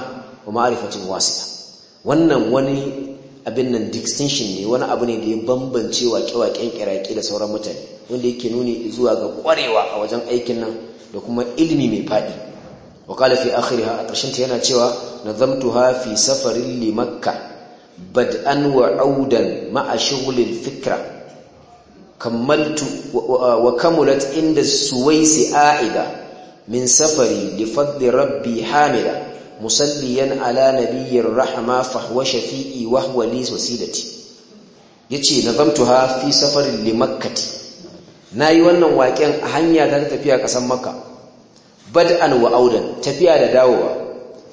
wa ma'rifatin wasi'a wannan wani abin nan distinction ne wani abu ne da ya bambance waƙe-waƙen iraqi da sauran mutane wanda yake nuni zuwa ga kwarewa a wajen aikin nan da kuma ilimi mai faɗi wa qala fi akhiriha a ƙarshen ta yana cewa nazamtuha fi safarin li makka bad'an wa audan ma'a shughlil fikra kammaltu wa kamulat inda suwaisi a'ida min safari li fadli rabbi hamida musalliyan ala nabiyyir rahma fa huwa shafi'i wa huwa li wasilati yace nazamtuha fi safarin li makkati nayi wannan waken a hanya ta tafiya kasan makka bad'an wa audan tafiya da dawowa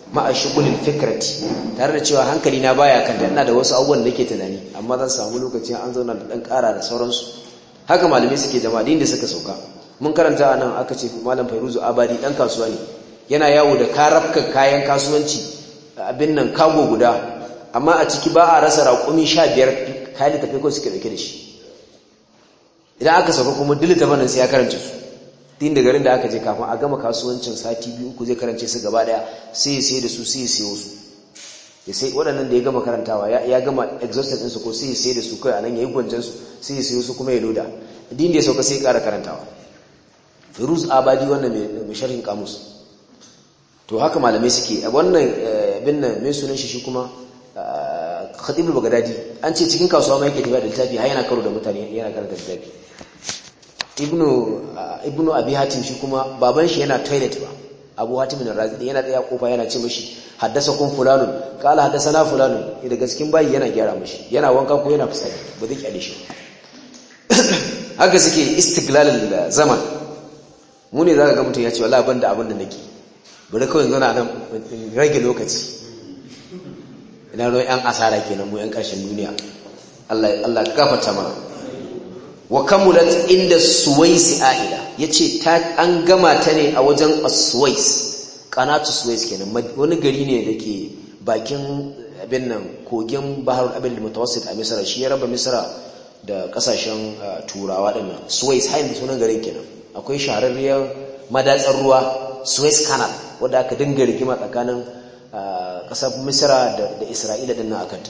ma'a shugulin fikrati tare da cewa hankali na baya kan da ina da wasu abubuwan da ke tunani amma zan samu lokacin an zauna da dan kara da sauransu haka malamai suke zama da suka sauka mun karanta a nan aka ce malam fairuzu abadi dan kasuwa ne yana yawo da karafka kayan kasuwanci abin nan kago guda amma a ciki ba a rasa raƙumi sha biyar kayan tafi kawai suke dauke da shi idan aka sauka kuma ta banan sai ya karance su din da garin da aka je kafin a gama kasuwancin sati biyu uku zai karance su gaba ɗaya sai sai da su sai ya sayo su ya sai waɗannan da ya gama karantawa ya gama exhausted ɗinsu ko sai ya sai da su kai a nan ya yi gwanjansu sai ya sayo su kuma ya loda din da ya sauka sai ya ƙara karantawa firuz abadi wannan mai sharhin kamus to haka malamai suke wannan eh, bin nan mai sunan shi shi kuma eh, khadibul bagadadi an ce cikin kasuwa ma yake tafiya da littafi har yana karo da mutane yana karanta littafi ibnu eh, ibnu abi hatim shi kuma baban shi yana toilet ba abu hatim bin razi yana tsaya kofa yana ce mishi haddasa kun fulanun kala haddasa na fulanun da gaskin bayi yana gyara mishi yana wanka ko yana fusa ba zai kyale shi haka suke istiklalin da zaman mu ne zaka ga mutum ya ce wallahi da abin da nake bari kawai zana nan rage lokaci ina ruwan yan asara kenan mu yan karshen duniya Allah Allah gafarta mana wa kamulat inda suwais a'ila yace ta an gama ta ne a wajen as-suwais qanatu suwais kenan wani gari ne dake bakin abin nan kogin bahar abin da mutawassit a misra shi ya raba misra da kasashen turawa din nan suwais hayin sunan garin kenan akwai shahararriyar madatsar ruwa suwais canal wanda aka dinga rigima tsakanin kasar misra da isra'ila din nan akanta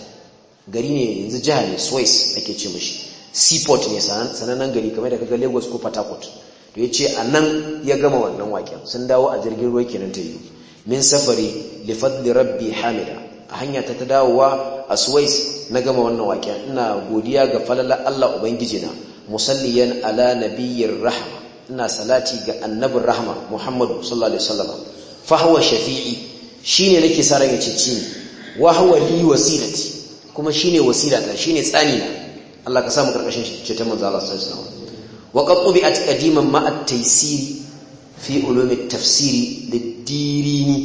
gari ne yanzu jihar ne suwais ake ce mishi seaport ne sanannen gari kamar da kaga lagos ko port to ya ce a nan ya gama wannan waken sun dawo a jirgin ruwa kenan ta yi min safari lifadli rabbi hamida a hanya ta ta dawowa a suwais na gama wannan waken ina godiya ga falala allah ubangijina musalliyan ala nabiyyar rahama ina salati ga annabin rahama muhammadu sallallahu alaihi wasallam fa huwa shafi'i shine nake sa ran ya cece ni wa huwa li wasilati kuma shine wasilata shine tsanina Allah ka samu karkashin ceton manzo Allah sallallahu alaihi wasallam wa qad tubi'at qadiman ma at-taysiri fi ulum at-tafsiri lid-dirini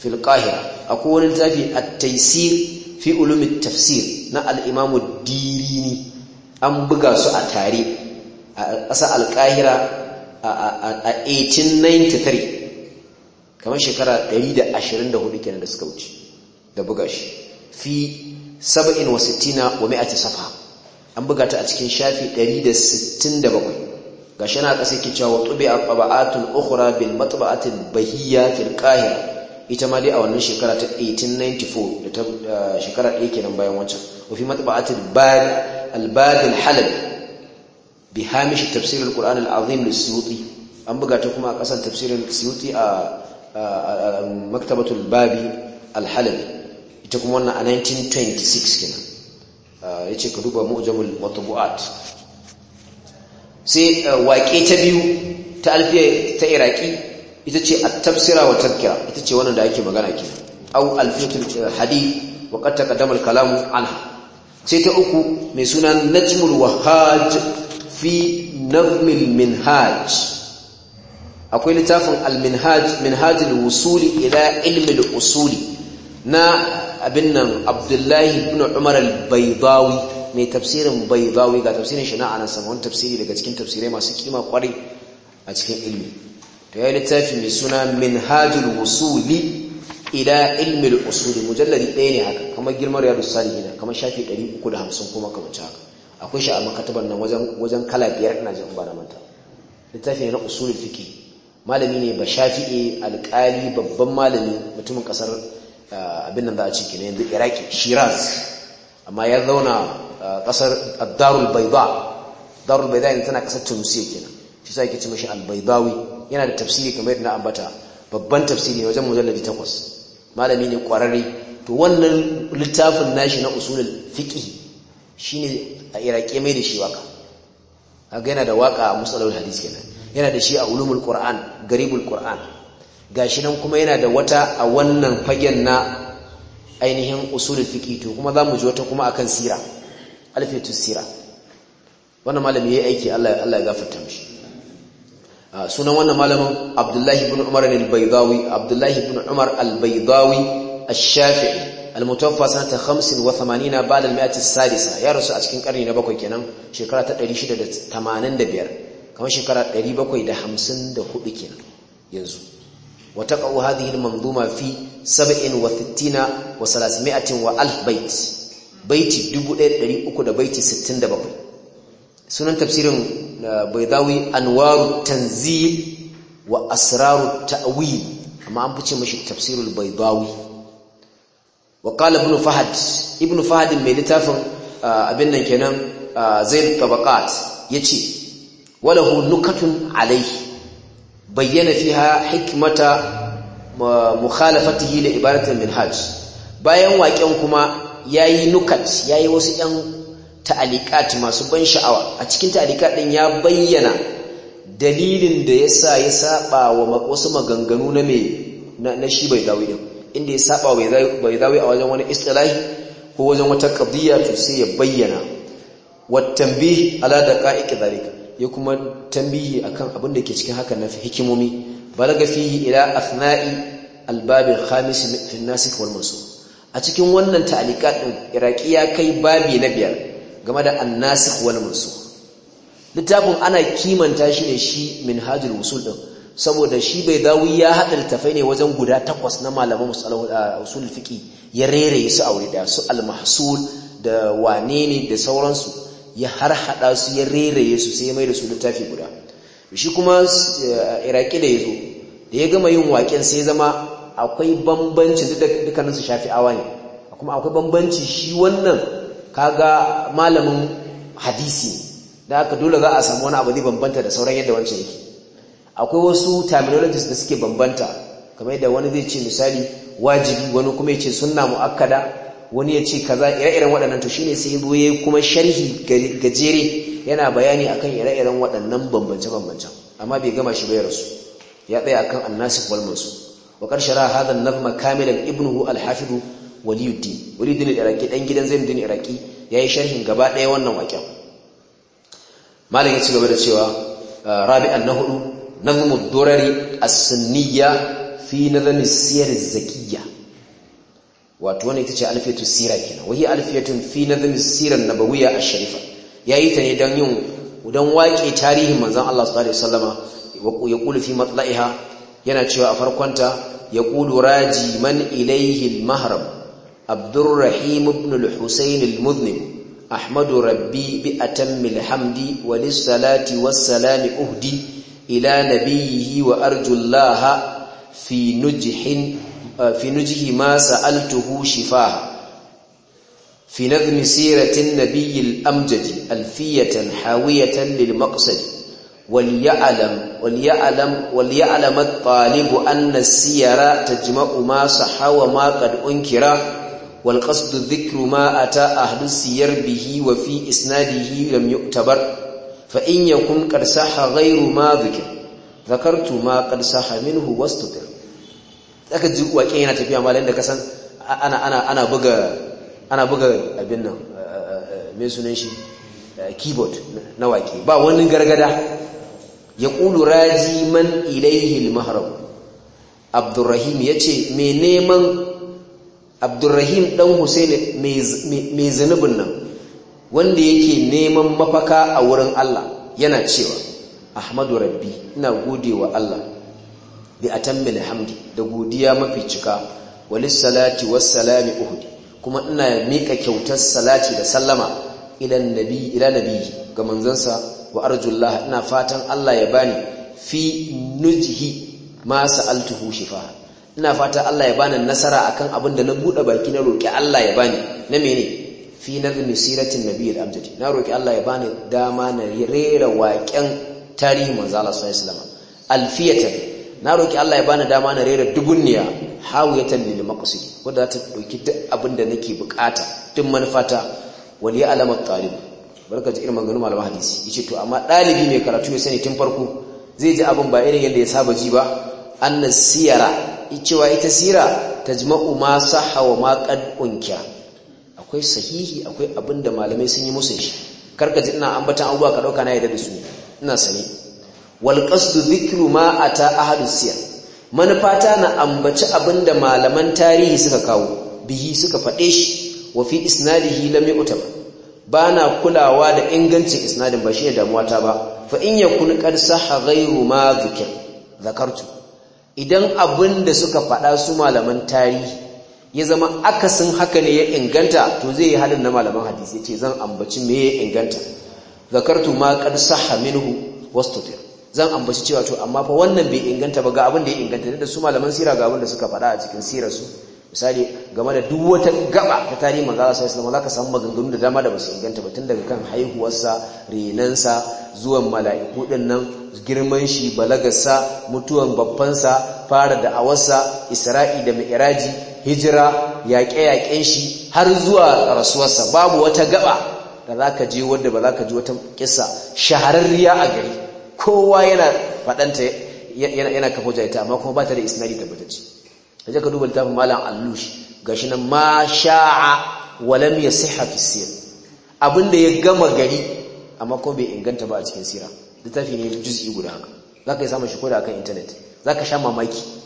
fil qahira akwai wani littafi at-taysir fi ulum at-tafsir na al-imam ad-dirini an buga su a tare a ƙasa al-qahira a 1893 kamar shekara 124 kenan da suka wuce da buga shi fi 67 wa mi'ati safa an buga ta a cikin shafi 167 gashi na ƙasa yake cewa tubi a qaba'atun ukhra bil matba'atil bahiyya fil qahira ita ma dai a wannan shekara ta 1894 da ta eh, shekara ɗaya kenan bayan wancan wafi fi matba'atil bad al bad al halab bi hamish tafsir al qur'an al azim an buga ta kuma a ƙasan tafsirin suyuti a maktabatul babi al ita kuma wannan a 1926 kenan Eh, ya ce ka duba mu'jamul matabu'at sai eh, waƙe ta biyu ta alfiya ta iraki ita ce at-tafsira wa tadhkira ita ce wannan da ake magana ke au alfiyatul eh, hadith wa qad taqaddama al-kalamu anha sai ta uku mai suna najmul wahaj fi nazmil minhaj akwai littafin al-minhaj minhajul wusuli ila ilmil usuli na abin nan abdullahi ibn umar al-baydawi mai tafsirin baydawi ga tafsirin shi na anas wani tafsiri daga cikin tafsirai masu kima kwarai a cikin ilmi to ya yi littafi mai suna minhajul wusuli ila ilmi al-usul mujalladi ɗaya ne haka kama girmar sani salihin kama shafi 350 kuma kamar haka akwai shi a makatabar nan wajen kala biyar ina jin ba na manta littafi ne na usulul fiqh malami ne ba shafi'i alƙali babban malami mutumin ƙasar. Ah, abin nan za a ce kenan yanzu iraki shiraz amma ya zauna kasar ah, ah, darul baida darul baida yanzu tana kasar tunisia kenan shi sa yake ci mashi albaidawi yana da tafsiri kamar yadda na ambata babban tafsiri wajen mujalladi takwas malami ne kwararre to wannan littafin nashi na usulul fiqh shine a iraki mai da shi waka kaga yana da waka a musalul hadis kenan yana da shi a ulumul qur'an garibul qur'an gashi nan kuma yana da wata a wannan fagen na ainihin usulul fiqi to kuma zamu ji wata kuma akan sira alfitus sira wannan malami yayi aiki Allah Allah ya gafarta mishi sunan wannan malamin Abdullahi ibn Umar al-Baydawi Abdullahi ibn Umar al-Baydawi al-Shafi'i al-mutawaffa sanata 85 ba'da al-mi'ati as-sadisa ya rasu a cikin karni na bakwai kenan shekara ta 685 kamar shekara 754 kenan yanzu وتقع هذه المنظومة في سبع وثلاثين وثلاثمائة وألف بيت بيت دبو لري أكد بيت ستين دبقى سنن تفسير بيضاوي أنوار التنزيل وأسرار التأويل أما أنبتش مش التفسير البيضاوي وقال ابن فهد ابن فهد الميلتاف أبنى كنام زي الطبقات يتي وله نكت عليه bayyana fiha hikmata mukhalafatihi li ibaratil minhaj bayan waƙen kuma yayi nukat yayi wasu ɗan ta'alikati masu ban sha'awa a cikin ta'alikat ɗin ya bayyana dalilin da yasa ya saba wa wasu maganganu na me na shi bai dawo din inda ya saba bai dawo a wajen wani istilahi ko wajen wata qadiyya to sai ya bayyana wat tanbih ala daqa'iq dhalika ya kuma tambihi akan abin da ke cikin haka na hikimomi balaga fihi ila athna'i albabin khamis fi nasikh wal a cikin wannan ta'liqat din iraki ya kai babi na biyar game da annasikh wal littafin ana kimanta shi ne shi minhajul usul din saboda shi bai dawo ya haɗa littafai ne wajen guda takwas na malaman ah, usul fiqi ya rere su aure da su al-mahsul da wanene da sauransu ya harhaɗa su ya rere su sai mai da su littafi guda shi kuma eh, iraki da ya zo da ya gama yin waken sai zama akwai bambanci dukkaninsu awa ne kuma akwai bambanci shi wannan kaga malamin hadisi da aka dole za a samu wani abu zai bambanta da sauran yadda wancan yake akwai wasu terminologies da suke bambanta kamar yadda wani zai ce misali wajibi wani kuma ya ce sunna mu'akkada wani ya ce kaza ire-iren waɗannan to shine sai zo yayi kuma sharhi gajere yana bayani akan ire-iren waɗannan bambance-bambance amma bai gama shi ya rasu ya tsaya akan annasik wal mansub wa qarshara hadha an-nazma kamilan ibnuhu al-hafiz waliyuddin waliyuddin al-iraqi dan gidan zainuddin iraqi yayi sharhin gaba ɗaya wannan waƙen malam ya ci gaba da cewa ah, rabi'an na hudu nazmu durari as-sunniyya fi nazmi siyar az-zakiyya wato wannan ita ce alfiyatu sira kenan wahi alfiyatun fi nazmi sirar nabawiyya ash-sharifa yayi ta ne dan yin dan waƙe tarihin manzon Allah sallallahu alaihi wasallama ya qulu fi matla'iha yana cewa a farkonta ya qulu raji man ilayhi al-mahram abdurrahim ibn al-husayn al-mudhnib ahmadu rabbi bi atammi al-hamdi wa salati was-salami uhdi ila nabiyhi wa arjullaha fi nujhin آه، في نجه ما سألته شفاه في نظم سيرة النبي الأمجد ألفية حاوية للمقصد وليعلم وليعلم وليعلم الطالب أن السير تجمع ما صح وما قد أنكر والقصد ذكر ما أتى أهل السير به وفي إسناده لم يعتبر فإن يكن قد صح غير ما ذكر ذكرت ما قد صح منه واستطر zaka ji waƙe yana tafiya ma da kasan ana ana buga ana buga abin nan eh, mai sunan shi eh, keyboard na waƙe ba wani gargada ya ƙulu raji man ilaihi mahram ya yace mai neman abdurrahim dan husaini mai zunubin nan wanda yake neman mafaka a wurin Allah yana cewa ahmadu rabbi ina gode wa Allah bi atammil hamdi da godiya mafi cika walis salati was salami kuma ina mika kyautar salati da sallama ila nabi ila nabi ga manzansa wa arjullah ina fatan Allah ya bani fi nujhi ma sa'altuhu shifa ina fata Allah ya bani nasara akan abin da na bude baki na roki Allah ya bani na mene fi nazmi siratin nabi al-amjad na roki Allah ya bani dama na rera waƙen tarihi manzo Allah sallallahu alaihi wasallam alfiyatan na roƙi Allah ya bani dama na rera dubunniya hawiyatan lil maqsid wanda ta dauki duk abin da nake bukata duk manufata wal ya alama talib barka ji irin maganganun malama hadisi yace to amma dalibi mai karatu ya sani tun farko zai ji abin ba irin yadda ya saba ji ba annas siyara cewa ita sira tajma'u ma sahha wa ma qad unkiya akwai sahihi akwai abin da malamai sun yi musu shi karka ji ina ambata abuwa ka dauka na yadda da su ina sani wal qasdu dhikru ma ata ahadu siyar manufa na ambaci abinda malaman tarihi suka kawo bihi suka faɗe shi wa fi isnadihi lam ba bana kulawa da ingancin isnadin ba da damuwa ta ba fa in yakun qad sahha ghayru ma dhikr zakartu idan abinda suka faɗa su malaman tarihi ya zama akasin haka ne ya inganta to zai yi halin na malaman hadisi ce zan ambaci me ya inganta zakartu ma qad sahha minhu wastutir zan ambaci cewa to amma fa wannan bai inganta ba ga abin da ya inganta da su malaman sira ga abin da suka faɗa a cikin sirarsu misali game da duk wata gaba ta tarihin manzo sallallahu alaihi wasallam zaka samu maganganu da dama da basu inganta ba tun daga kan haihuwarsa renansa zuwan mala'iku din nan girman shi balagarsa mutuwan sa fara da awarsa isra'i da mi'raji hijira yaƙe-yaƙen shi har zuwa rasuwarsa babu wata gaba da zaka je wanda ba zaka ji wata kissa shahararriya a gari kowa yana faɗanta yana kafa jaita amma kuma ba ta da isnadi tabbatacce kaje ka duba littafin malam allush gashi nan ma sha'a wa lam yasihha fi sir abinda ya gama gari amma kuma bai inganta ba a cikin sira littafi ne juz'i guda haka zaka yi samun shi koda akan internet zaka sha mamaki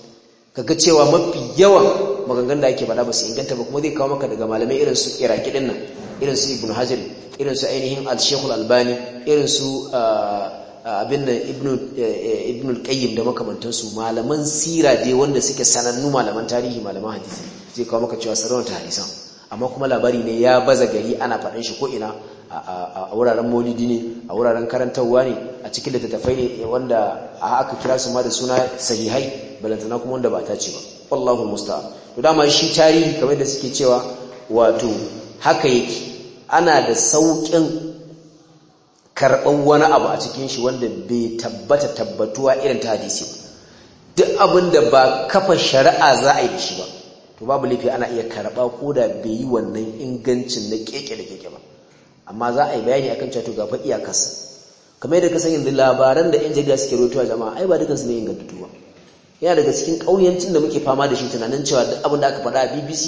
Ka ga cewa mafi yawan magangan da ake faɗa ba su inganta ba kuma zai kawo maka daga malamai irin su iraki din nan irin su ibn hajar irin su ainihin al albani irin su ah, abin da ibn eh, al-qayyim da makamantansu malaman sira dai wanda suke sanannu malaman tarihi malaman hadisi zai kawo maka cewa sarrafa ta hadisan amma kuma labari ne ya baza gari ana faɗin shi ko ina a wuraren maulidi ne a wuraren karantarwa ne a cikin littattafai ne wanda a haka kira su ma da suna sahihai balantana kuma wanda ba ta ce ba wallahu musta'a to dama shi tarihi kamar da suke cewa wato haka yake ana da saukin karɓar wani abu a cikin shi wanda bai tabbata tabbatuwa irin ta hadisi duk abin da ba kafa shari'a za a yi da shi ba to babu laifi ana iya karɓa ko da bai yi wannan ingancin na keke da keke ba amma za a yi bayani akan cewa to ga fa iyakas kamar yadda ka san yanzu labaran da 'yan jarida suke rotuwa jama'a ai ba dukansu ne ingantattu ba yana daga cikin ƙauyancin da muke fama da shi tunanin cewa duk abin da aka faɗa a bbc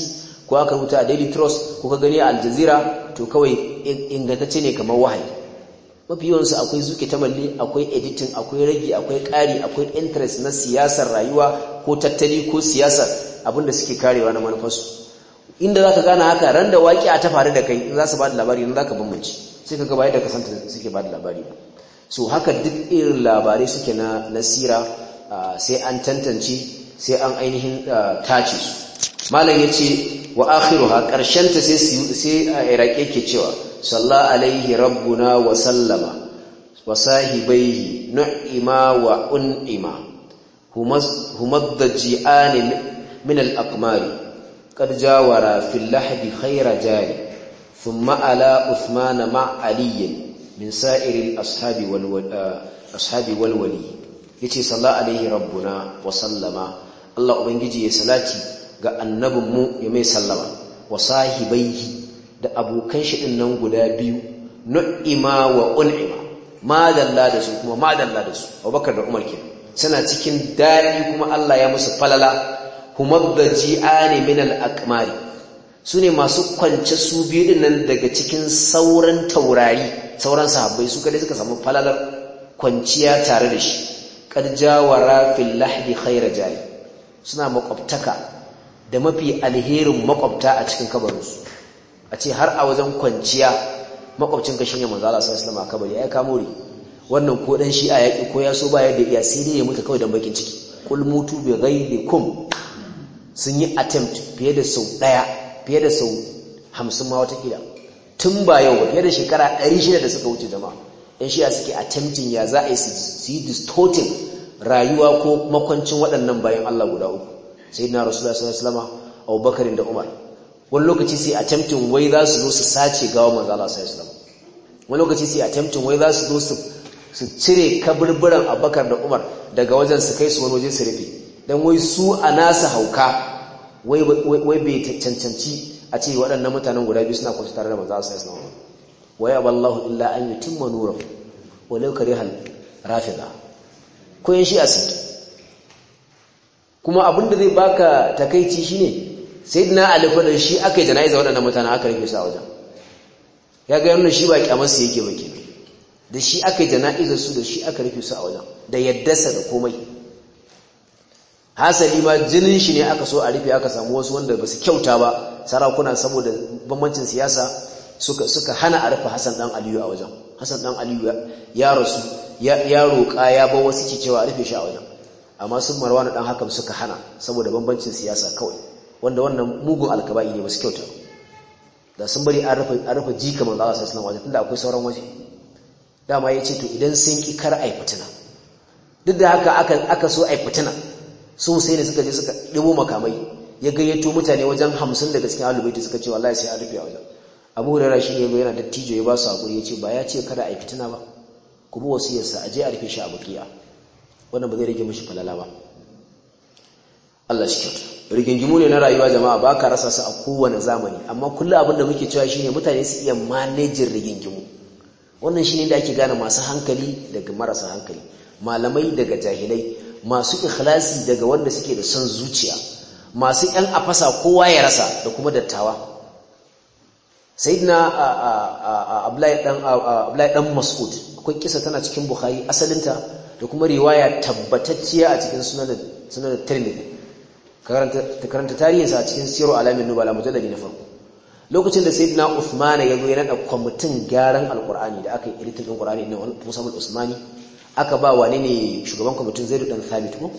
ko aka rubuta a daily trust ko ka gani a al to kawai ingantacce ne kamar wahayi mafi yawansu akwai zuke ta malle akwai editing akwai rage akwai ƙari akwai interest na siyasar rayuwa ko tattali ko siyasar abinda suke karewa na manufarsu inda za ka gana haka ran da waƙi a ta faru da kai za su ba da labari in za ka bambanci, sai ka gaba yadda kasanta suke ba da labari so haka duk irin labarai suke na nasira sai an tantance sai an ainihin tace su malam ya ce wa akhiruha ƙarshenta sai a iraki ke cewa salla alaihi rabbuna wa sallama wa sahibaihi nu'ima wa un'ima humaddaji'ani min al-aqmari qad jawara fil lahdi jari thumma ala Usmana ma aliyin min sa'iril ashabi wal ashabi wal yace salla alaihi rabbuna wa sallama Allah ubangiji ya salati ga annabinmu ya mai wa sahibaihi da abokan shi din nan guda biyu nu'ima wa un'ima dalla da su kuma dalla da su abubakar da umar kenan suna cikin daɗi kuma Allah ya musu falala humabbaji ani min al-aqmari sune masu kwance su biyu din nan daga cikin sauran taurari sauran sahabbai su kada suka samu falalar kwanciya tare da shi qad jawara fil lahdi khayra jari suna makwabtaka da mafi alherin makwabta a cikin kabarinsu a ce har a wajen kwanciya ka shine manzo Allah sallallahu alaihi wasallam akabari ya kamo ri wannan ko dan shi a yaki ko ya so ba yadda iya sai dai ya mutu kawai dan bakin ciki kul mutu bi ghaibikum sun yi attempt fiye da sau daya fiye da sau 50 ma wata kila tun ba yau fiye da shekara ɗari 600 da suka wuce jama'a yan shiya suke attempting ya za a yi su yi distorting rayuwa ko makwancin waɗannan bayan Allah guda uku sai na rasulullah sallallahu alaihi wasallam abubakarin da umar wani lokaci sai a tamtin wai za su zo su sace gawa manzo Allah sai islam wani lokaci sai a tamtin wai za su zo su cire kaburburan Abakar da Umar daga wajen su kai su wani waje su rufe dan wai su a nasa hauka wai bai cancanci a ce waɗannan mutanen guda biyu suna kwanci tare da manzo Allah sai islam wai aballahu illa an yutimma nurahu walau karihal rafida ko shi asiri kuma da zai baka takaici shine sayyidina ali fa shi aka yi janaiza waɗannan mutane aka rufe su a wajen ya ga yana shi ba kyamar su yake ba kenan da shi aka yi janaiza su da shi aka rufe su a wajen da sa da komai hasali ma jinin shi ne aka so a rufe aka samu wasu wanda ba su kyauta ba sarakuna saboda bambancin siyasa suka suka hana a rufe hasan dan Aliyu a wajen hasan dan Aliyu ya rasu ya roƙa ya ba wasu cewa a rufe shi a wajen amma sun Marwan dan hakan suka hana saboda bambancin siyasa kawai wanda wannan mugun alkaba'i ne masu kyauta da sun bari an rufe jika kamar za a alaihi wasallam waje tunda akwai sauran waje dama ya ce to idan sun ki kar a yi fitina duk da haka aka so a yi fitina so sai ne suka je suka ɗibo makamai ya gayyato mutane wajen hamsin daga cikin alubaiti suka ce wallahi sai a rufe a wajen Abu da rashi ne yana dattijo ya ba su ya ce, ba ya ce kada a yi fitina ba ku bi yasa a je a rufe shi a bukiya wannan ba zai rage mishi falala ba Allah shi kyauta rigingimu ne na rayuwa jama'a ba ka rasa su a kowane zamani amma kullum abin da muke cewa shine mutane su iya manajin rigingimu wannan shine da ake gane masu hankali daga marasa hankali malamai daga jahilai masu ikhlasi daga wanda suke da son zuciya masu yan afasa kowa ya rasa da kuma dattawa sayyidina abdullahi dan mas'ud akwai kisa tana cikin bukhari asalinta da kuma riwaya tabbatacciya a cikin sunan sunan tirmidhi ka karanta tarihinsa a cikin siro alamin nubala mujalladi na farko lokacin da sayyidina usmani ya zo ya nada kwamitin gyaran alqur'ani da aka yi editin alqur'ani na Musa musamman Usmani aka ba wani ne shugaban kwamitin Zaidu dan Thabit ko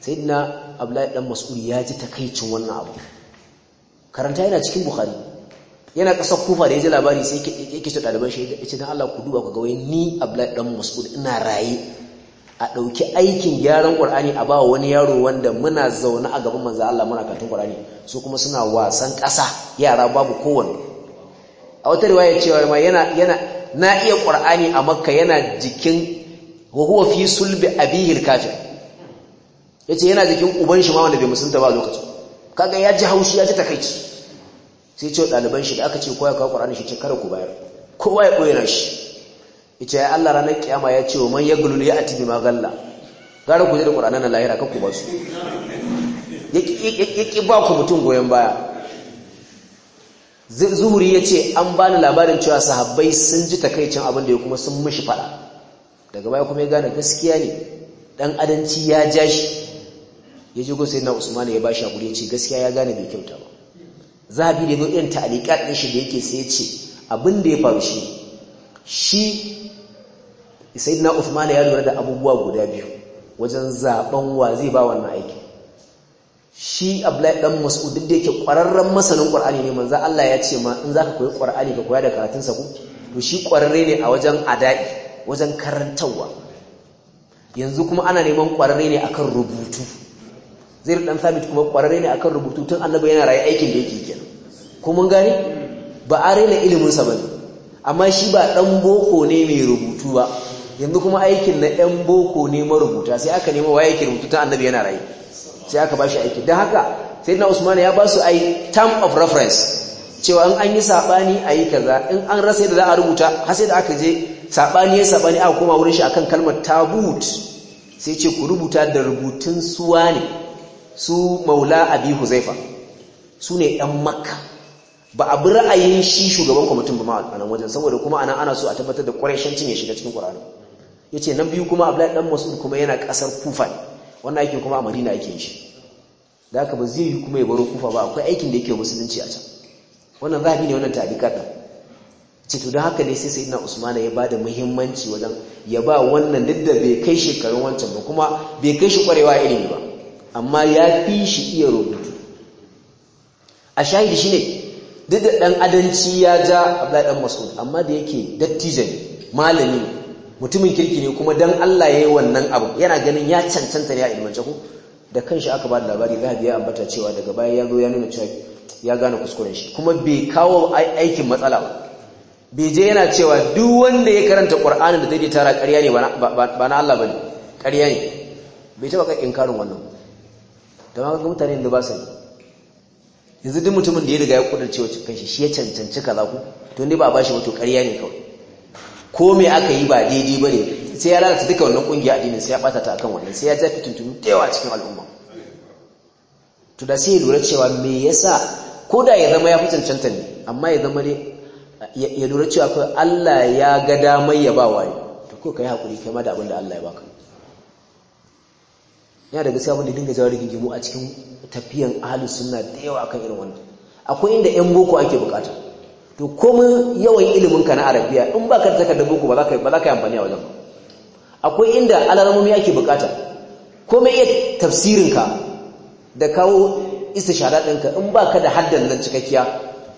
sayyidina Abdullahi dan Mas'ud ya ji takaicin wannan abu karanta yana cikin Bukhari yana kasar Kufa da ya ji labari sai yake ce ɗaliban shi ya ce dan Allah ku duba ku ga wai ni Abdullahi dan Mas'ud ina raye a ɗauki aikin gyaran ƙur'ani a ba wani yaro wanda muna zaune a gaban manzan Allah muna kantin ƙwar'ani su kuma suna wasan ƙasa yara babu kowane a wata riwaya cewa ma yana na iya ƙwar'ani a makka yana jikin wa huwa fi sulbi abihil kafir yace yana jikin uban shi ma wanda bai musunta ba lokaci kaga ya ji haushi ya ji takaici sai ce ɗaliban shi da aka ce kowa ya kawo shi ce kada ku bayar kowa ya ɓoye shi ita ya Allah ranar kiyama ya ce wa man ya a tibi magalla? gara ku ji da na lahira kanku ba su yaki ba ku mutum goyon baya zuhuri ya ce an bani labarin cewa sahabbai sun ji takaicin abin da ya kuma sun mishi fada daga baya kuma ya gane gaskiya ne dan adanci ya ja shi ya ji gosai na Usman ya bashi hakuri ce gaskiya ya gane bai kyauta ba zabi da zo irin ta'aliqat ɗin shi da yake sai ce abin da ya faru shi shi sayyidina usman ya lura da abubuwa guda biyu wajen zaben wa zai ba wannan aiki shi Abdullahi dan Mas'ud duk da yake ƙwararren masanin Qur'ani ne manzo Allah ya ce ma in zaka koyi Qur'ani ka koya da karatun sa ku to shi ƙwararre ne a wajen adai wajen karantawa yanzu kuma ana neman ƙwararre ne akan rubutu zai dan sabit kuma ƙwararre ne akan rubutu tun annabi yana raye aikin da yake kenan ko mun gane ba a raina ilimin sa bane amma shi ba ɗan boko ne mai rubutu ba yanzu kuma aikin na ɗan boko ne marubuta sai aka nemo waye yake rubutu ta annabi yana rayu sai aka ba shi aiki don haka sai na usman ya ba su ai term of reference cewa in an yi saɓani a yi kaza in an rasa yadda za a rubuta har sai da aka je saɓani ya saɓani aka koma wurin shi akan kalmar tabut sai ce ku rubuta da rubutun suwa ne su maula abi huzaifa su ne ɗan makka ba a bi ra'ayin shi shugaban kwamitin ba a nan wajen saboda kuma ana ana so a tabbatar da ƙwarashancin ya shiga cikin ƙwararru ya ce nan biyu kuma abu ɗan masud kuma yana ƙasar kufa ne wannan aikin kuma a madina ake shi da haka ba zai yi kuma ya baro kufa ba akwai aikin da yake musulunci a can wannan zahabi ne wannan tarika ɗin ce to don haka ne sai na usmana ya ba da muhimmanci wajen ya ba wannan duk da bai kai shekarun wancan ba kuma bai kai shi ƙwarewa ilimi ba amma ya fi shi iya rubutu a shahidi ne duk da ɗan adanci ya ja abdullahi ɗan masu amma da yake dattijan malami mutumin kirki ne kuma don Allah ya yi wannan abu yana ganin ya cancanta ne a ilmance ko da kanshi aka ba da labari zahabi ya ambata cewa daga baya ya zo ya nuna cewa ya gane kuskuren shi kuma bai kawo aikin matsala ba bai je yana cewa duk wanda ya karanta Qur'anin da daidai tara ƙarya ne ba na Allah bane ƙarya ne bai taba kan karin wannan don haka mutane da ba su yanzu duk mutumin da ya riga ya kudurce wa cikin shi ya cancanci kaza ku to ne ba shi wato ƙarya ne kawai ko me aka yi ba daidai bane sai ya lalata duka wannan kungiya addinin sai ya bata ta akan wannan sai ya jafi tuntunu da yawa cikin al'umma to da sai lura cewa me yasa ko da ya zama ya fi cancanta ne amma ya zama ne ya lura cewa Allah ya ga damar ya ba wani to ko kai hakuri kai ma da abin da Allah ya baka yana da gaskiya da dinga jawo rigingimu a cikin tafiyan ahalus sunna da yawa akan irin wannan akwai inda yan boko ake bukata to komai yawan ilimin ka na arabiya in baka da takardar boko ba za ka ba za ka yi amfani a wajen akwai inda alarmomi ake bukata komai iya tafsirin ka da kawo istishara ɗinka in baka da haddan nan cikakkiya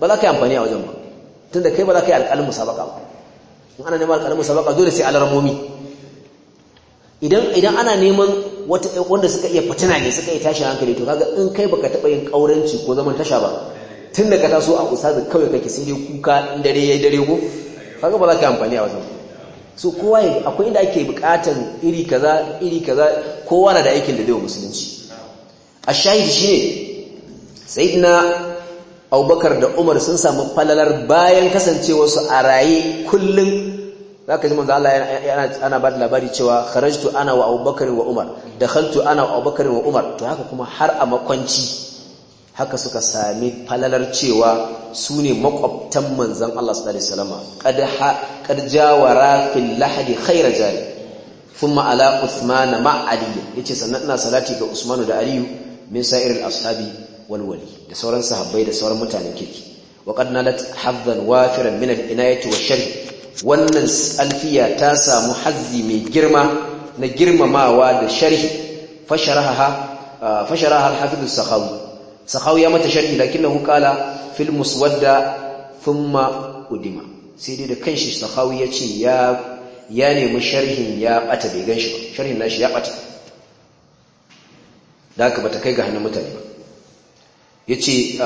ba za ka yi amfani a wajen ba tunda kai ba za ka yi alƙalin musabaka ba in ana neman alƙalin musabaka dole sai alarmomi idan idan ana neman wata wanda suka iya fitina ne suka iya tashi hankali to kaga in kai baka taba yin kauranci ko zaman tasha ba tun da ka taso a ustazi kawai kake sai dai kuka dare yayi dare ko kaga ba za ka amfani a wajen so kowa yake akwai inda ake bukatan iri kaza iri kaza kowa na da aikin da zai musulunci a shi shine sayyidina abubakar da umar sun samu falalar bayan kasancewarsu a raye kullum za ka ji manzo Allah ana bada labari cewa kharajtu ana wa abubakar wa umar dakhaltu ana Abubakar wa Umar to haka kuma har a makwanci haka suka sami falalar cewa su ne makwabtan manzan Allah sallallahu alaihi wasallam qad qad jawara fil jari thumma ala Uthman ma Ali yace sannan ina salati ga Usmanu da Aliyu min sa'iril ashabi walwali wali da sauran sahabbai da sauran mutanen kirki wa na nalat hazzan wafiran min ina inayati shari wannan alfiya ta samu hazzi mai girma na girmamawa da sharhi fasharaha fasharaha al sakhawi sakhawi ya mata sharhi lakinnahu qala fil muswadda thumma udima sai dai da kanshi sakhawi yace ya ya nemi sharhin ya bata bai ganshi ba sharhin nashi ya bata da haka bata kai ga hannun mutane ba yace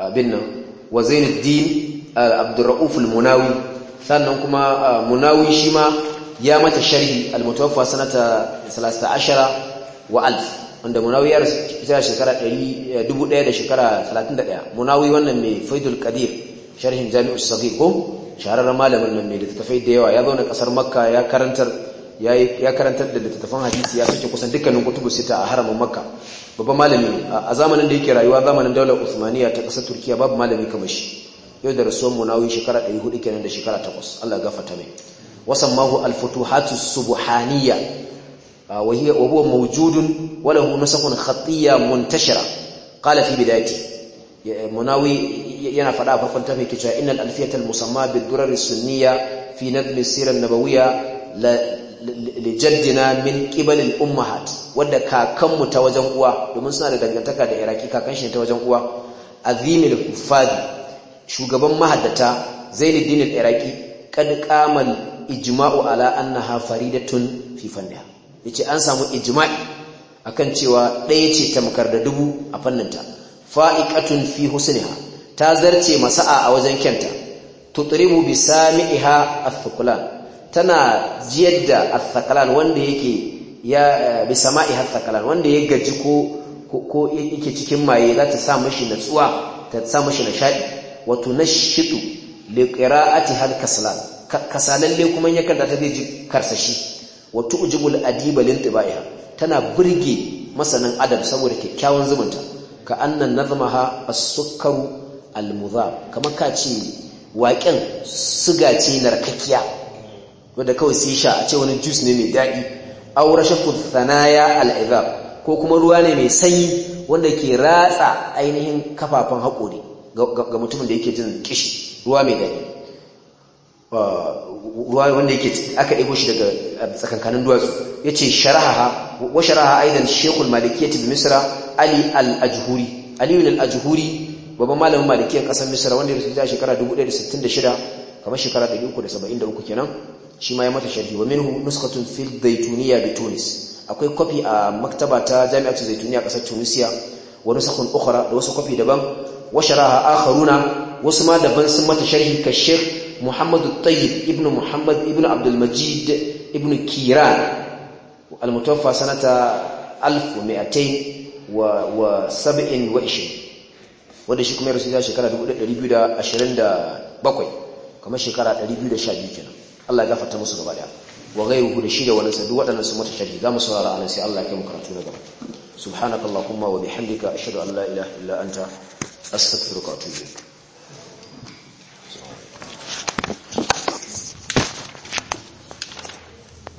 abin nan wa zainuddin abdurrauf al-munawi sannan kuma munawi shi ma ya mata sharhi al-mutawaffa sanata 13 wa alf wanda munawi ya rasu shekara 1000 eh, da shekara 31 munawi wannan mai faidul qadir sharhin jami'us saghir ko shahararren malamin nan mai littattafai da yawa ya zauna kasar makka ya karantar ya karantar da littattafan hadisi ya fice kusan dukkanin kutubu sita a haramin makka babban malami a zamanin da yake rayuwa zamanin daular usmaniya ta kasar turkiya babu malami kamar shi yau da rasuwan munawi shekara 400 kenan da shekara 8 Allah ya gafarta mai وسماه الفتوحات السبحانية وهي وهو موجود وله نسخ خطية منتشرة قال في بدايته مناوي ينا فدا فكن تفي كتاب إن الألفية المسمى بالدرر السنية في نظم السيرة النبوية lijaddina min qibalil ummahat wanda kakanmu ta wajen uwa domin suna da dangantaka da iraki kakan shi ta wajen uwa azimil fadi shugaban mahaddata zainuddin al-iraki kad ijma'u ala annaha faridatun fi fanniha yace an samu ijma'i akan cewa ɗaya ce tamkar da dubu a fanninta fa'iqatun fi husniha ta zarce masa'a a wajen kyanta tutribu bi sami'iha athqalan tana jiyadda da athqalan wanda yake ya bi sama'iha athqalan wanda ya gaji ko ko yake cikin maye za ta sa mashi natsuwa ta sa mashi nishadi wato nashitu liqira'ati hal kaslan kasalalle kuma yakan ta zai ji karsashi wa ujibul adiba lin tibaiha tana burge masanin adam saboda kyakkyawan zumunta ka annan nazmaha as-sukkaru al-mudhab kamar ka ce waƙen suga ce narkakkiya wanda kawai sai sha a ce wani juice ne mai daɗi aw rashaqu thanaya al idab ko kuma ruwa ne mai sanyi wanda ke ratsa ainihin kafafan haƙori ga mutumin da yake jin kishi ruwa mai daɗi wanda yake aka ɗago shi daga tsakankanin duwatsu ya ce sharaha wa sharaha aidan shekul malikiyyati misra ali al-ajhuri aliyu al-ajhuri babban malamin malikiyyar ƙasar misra wanda ya rasu shekara 1066 kamar shekara 373 kenan shi ma ya mata sharhi wa minhu nuskatun fil zaituniya bi tunis akwai kopi a maktaba ta jami'atu zaituniya ƙasar tunisiya wa nusakhun ukhra da wasu kopi daban wa sharaha akharuna wasu ma daban sun mata sharhi ka sheikh muhammadu tayyib ibn muhammad ibn abdulmajid ibn kiran almutawaffa sanata 1227 wanda shi ya rasu shekara 1227 kamar shekara 212 kenan Allah ya gafarta musu gaba daya wa ghayruhu da shi da wani sadu waɗannan su mata sharhi za mu saurara anan sai Allah ya kai karatu na gaba subhanakallahumma wa bihamdika ashhadu an la ilaha illa anta astaghfiruka wa atubu ilayk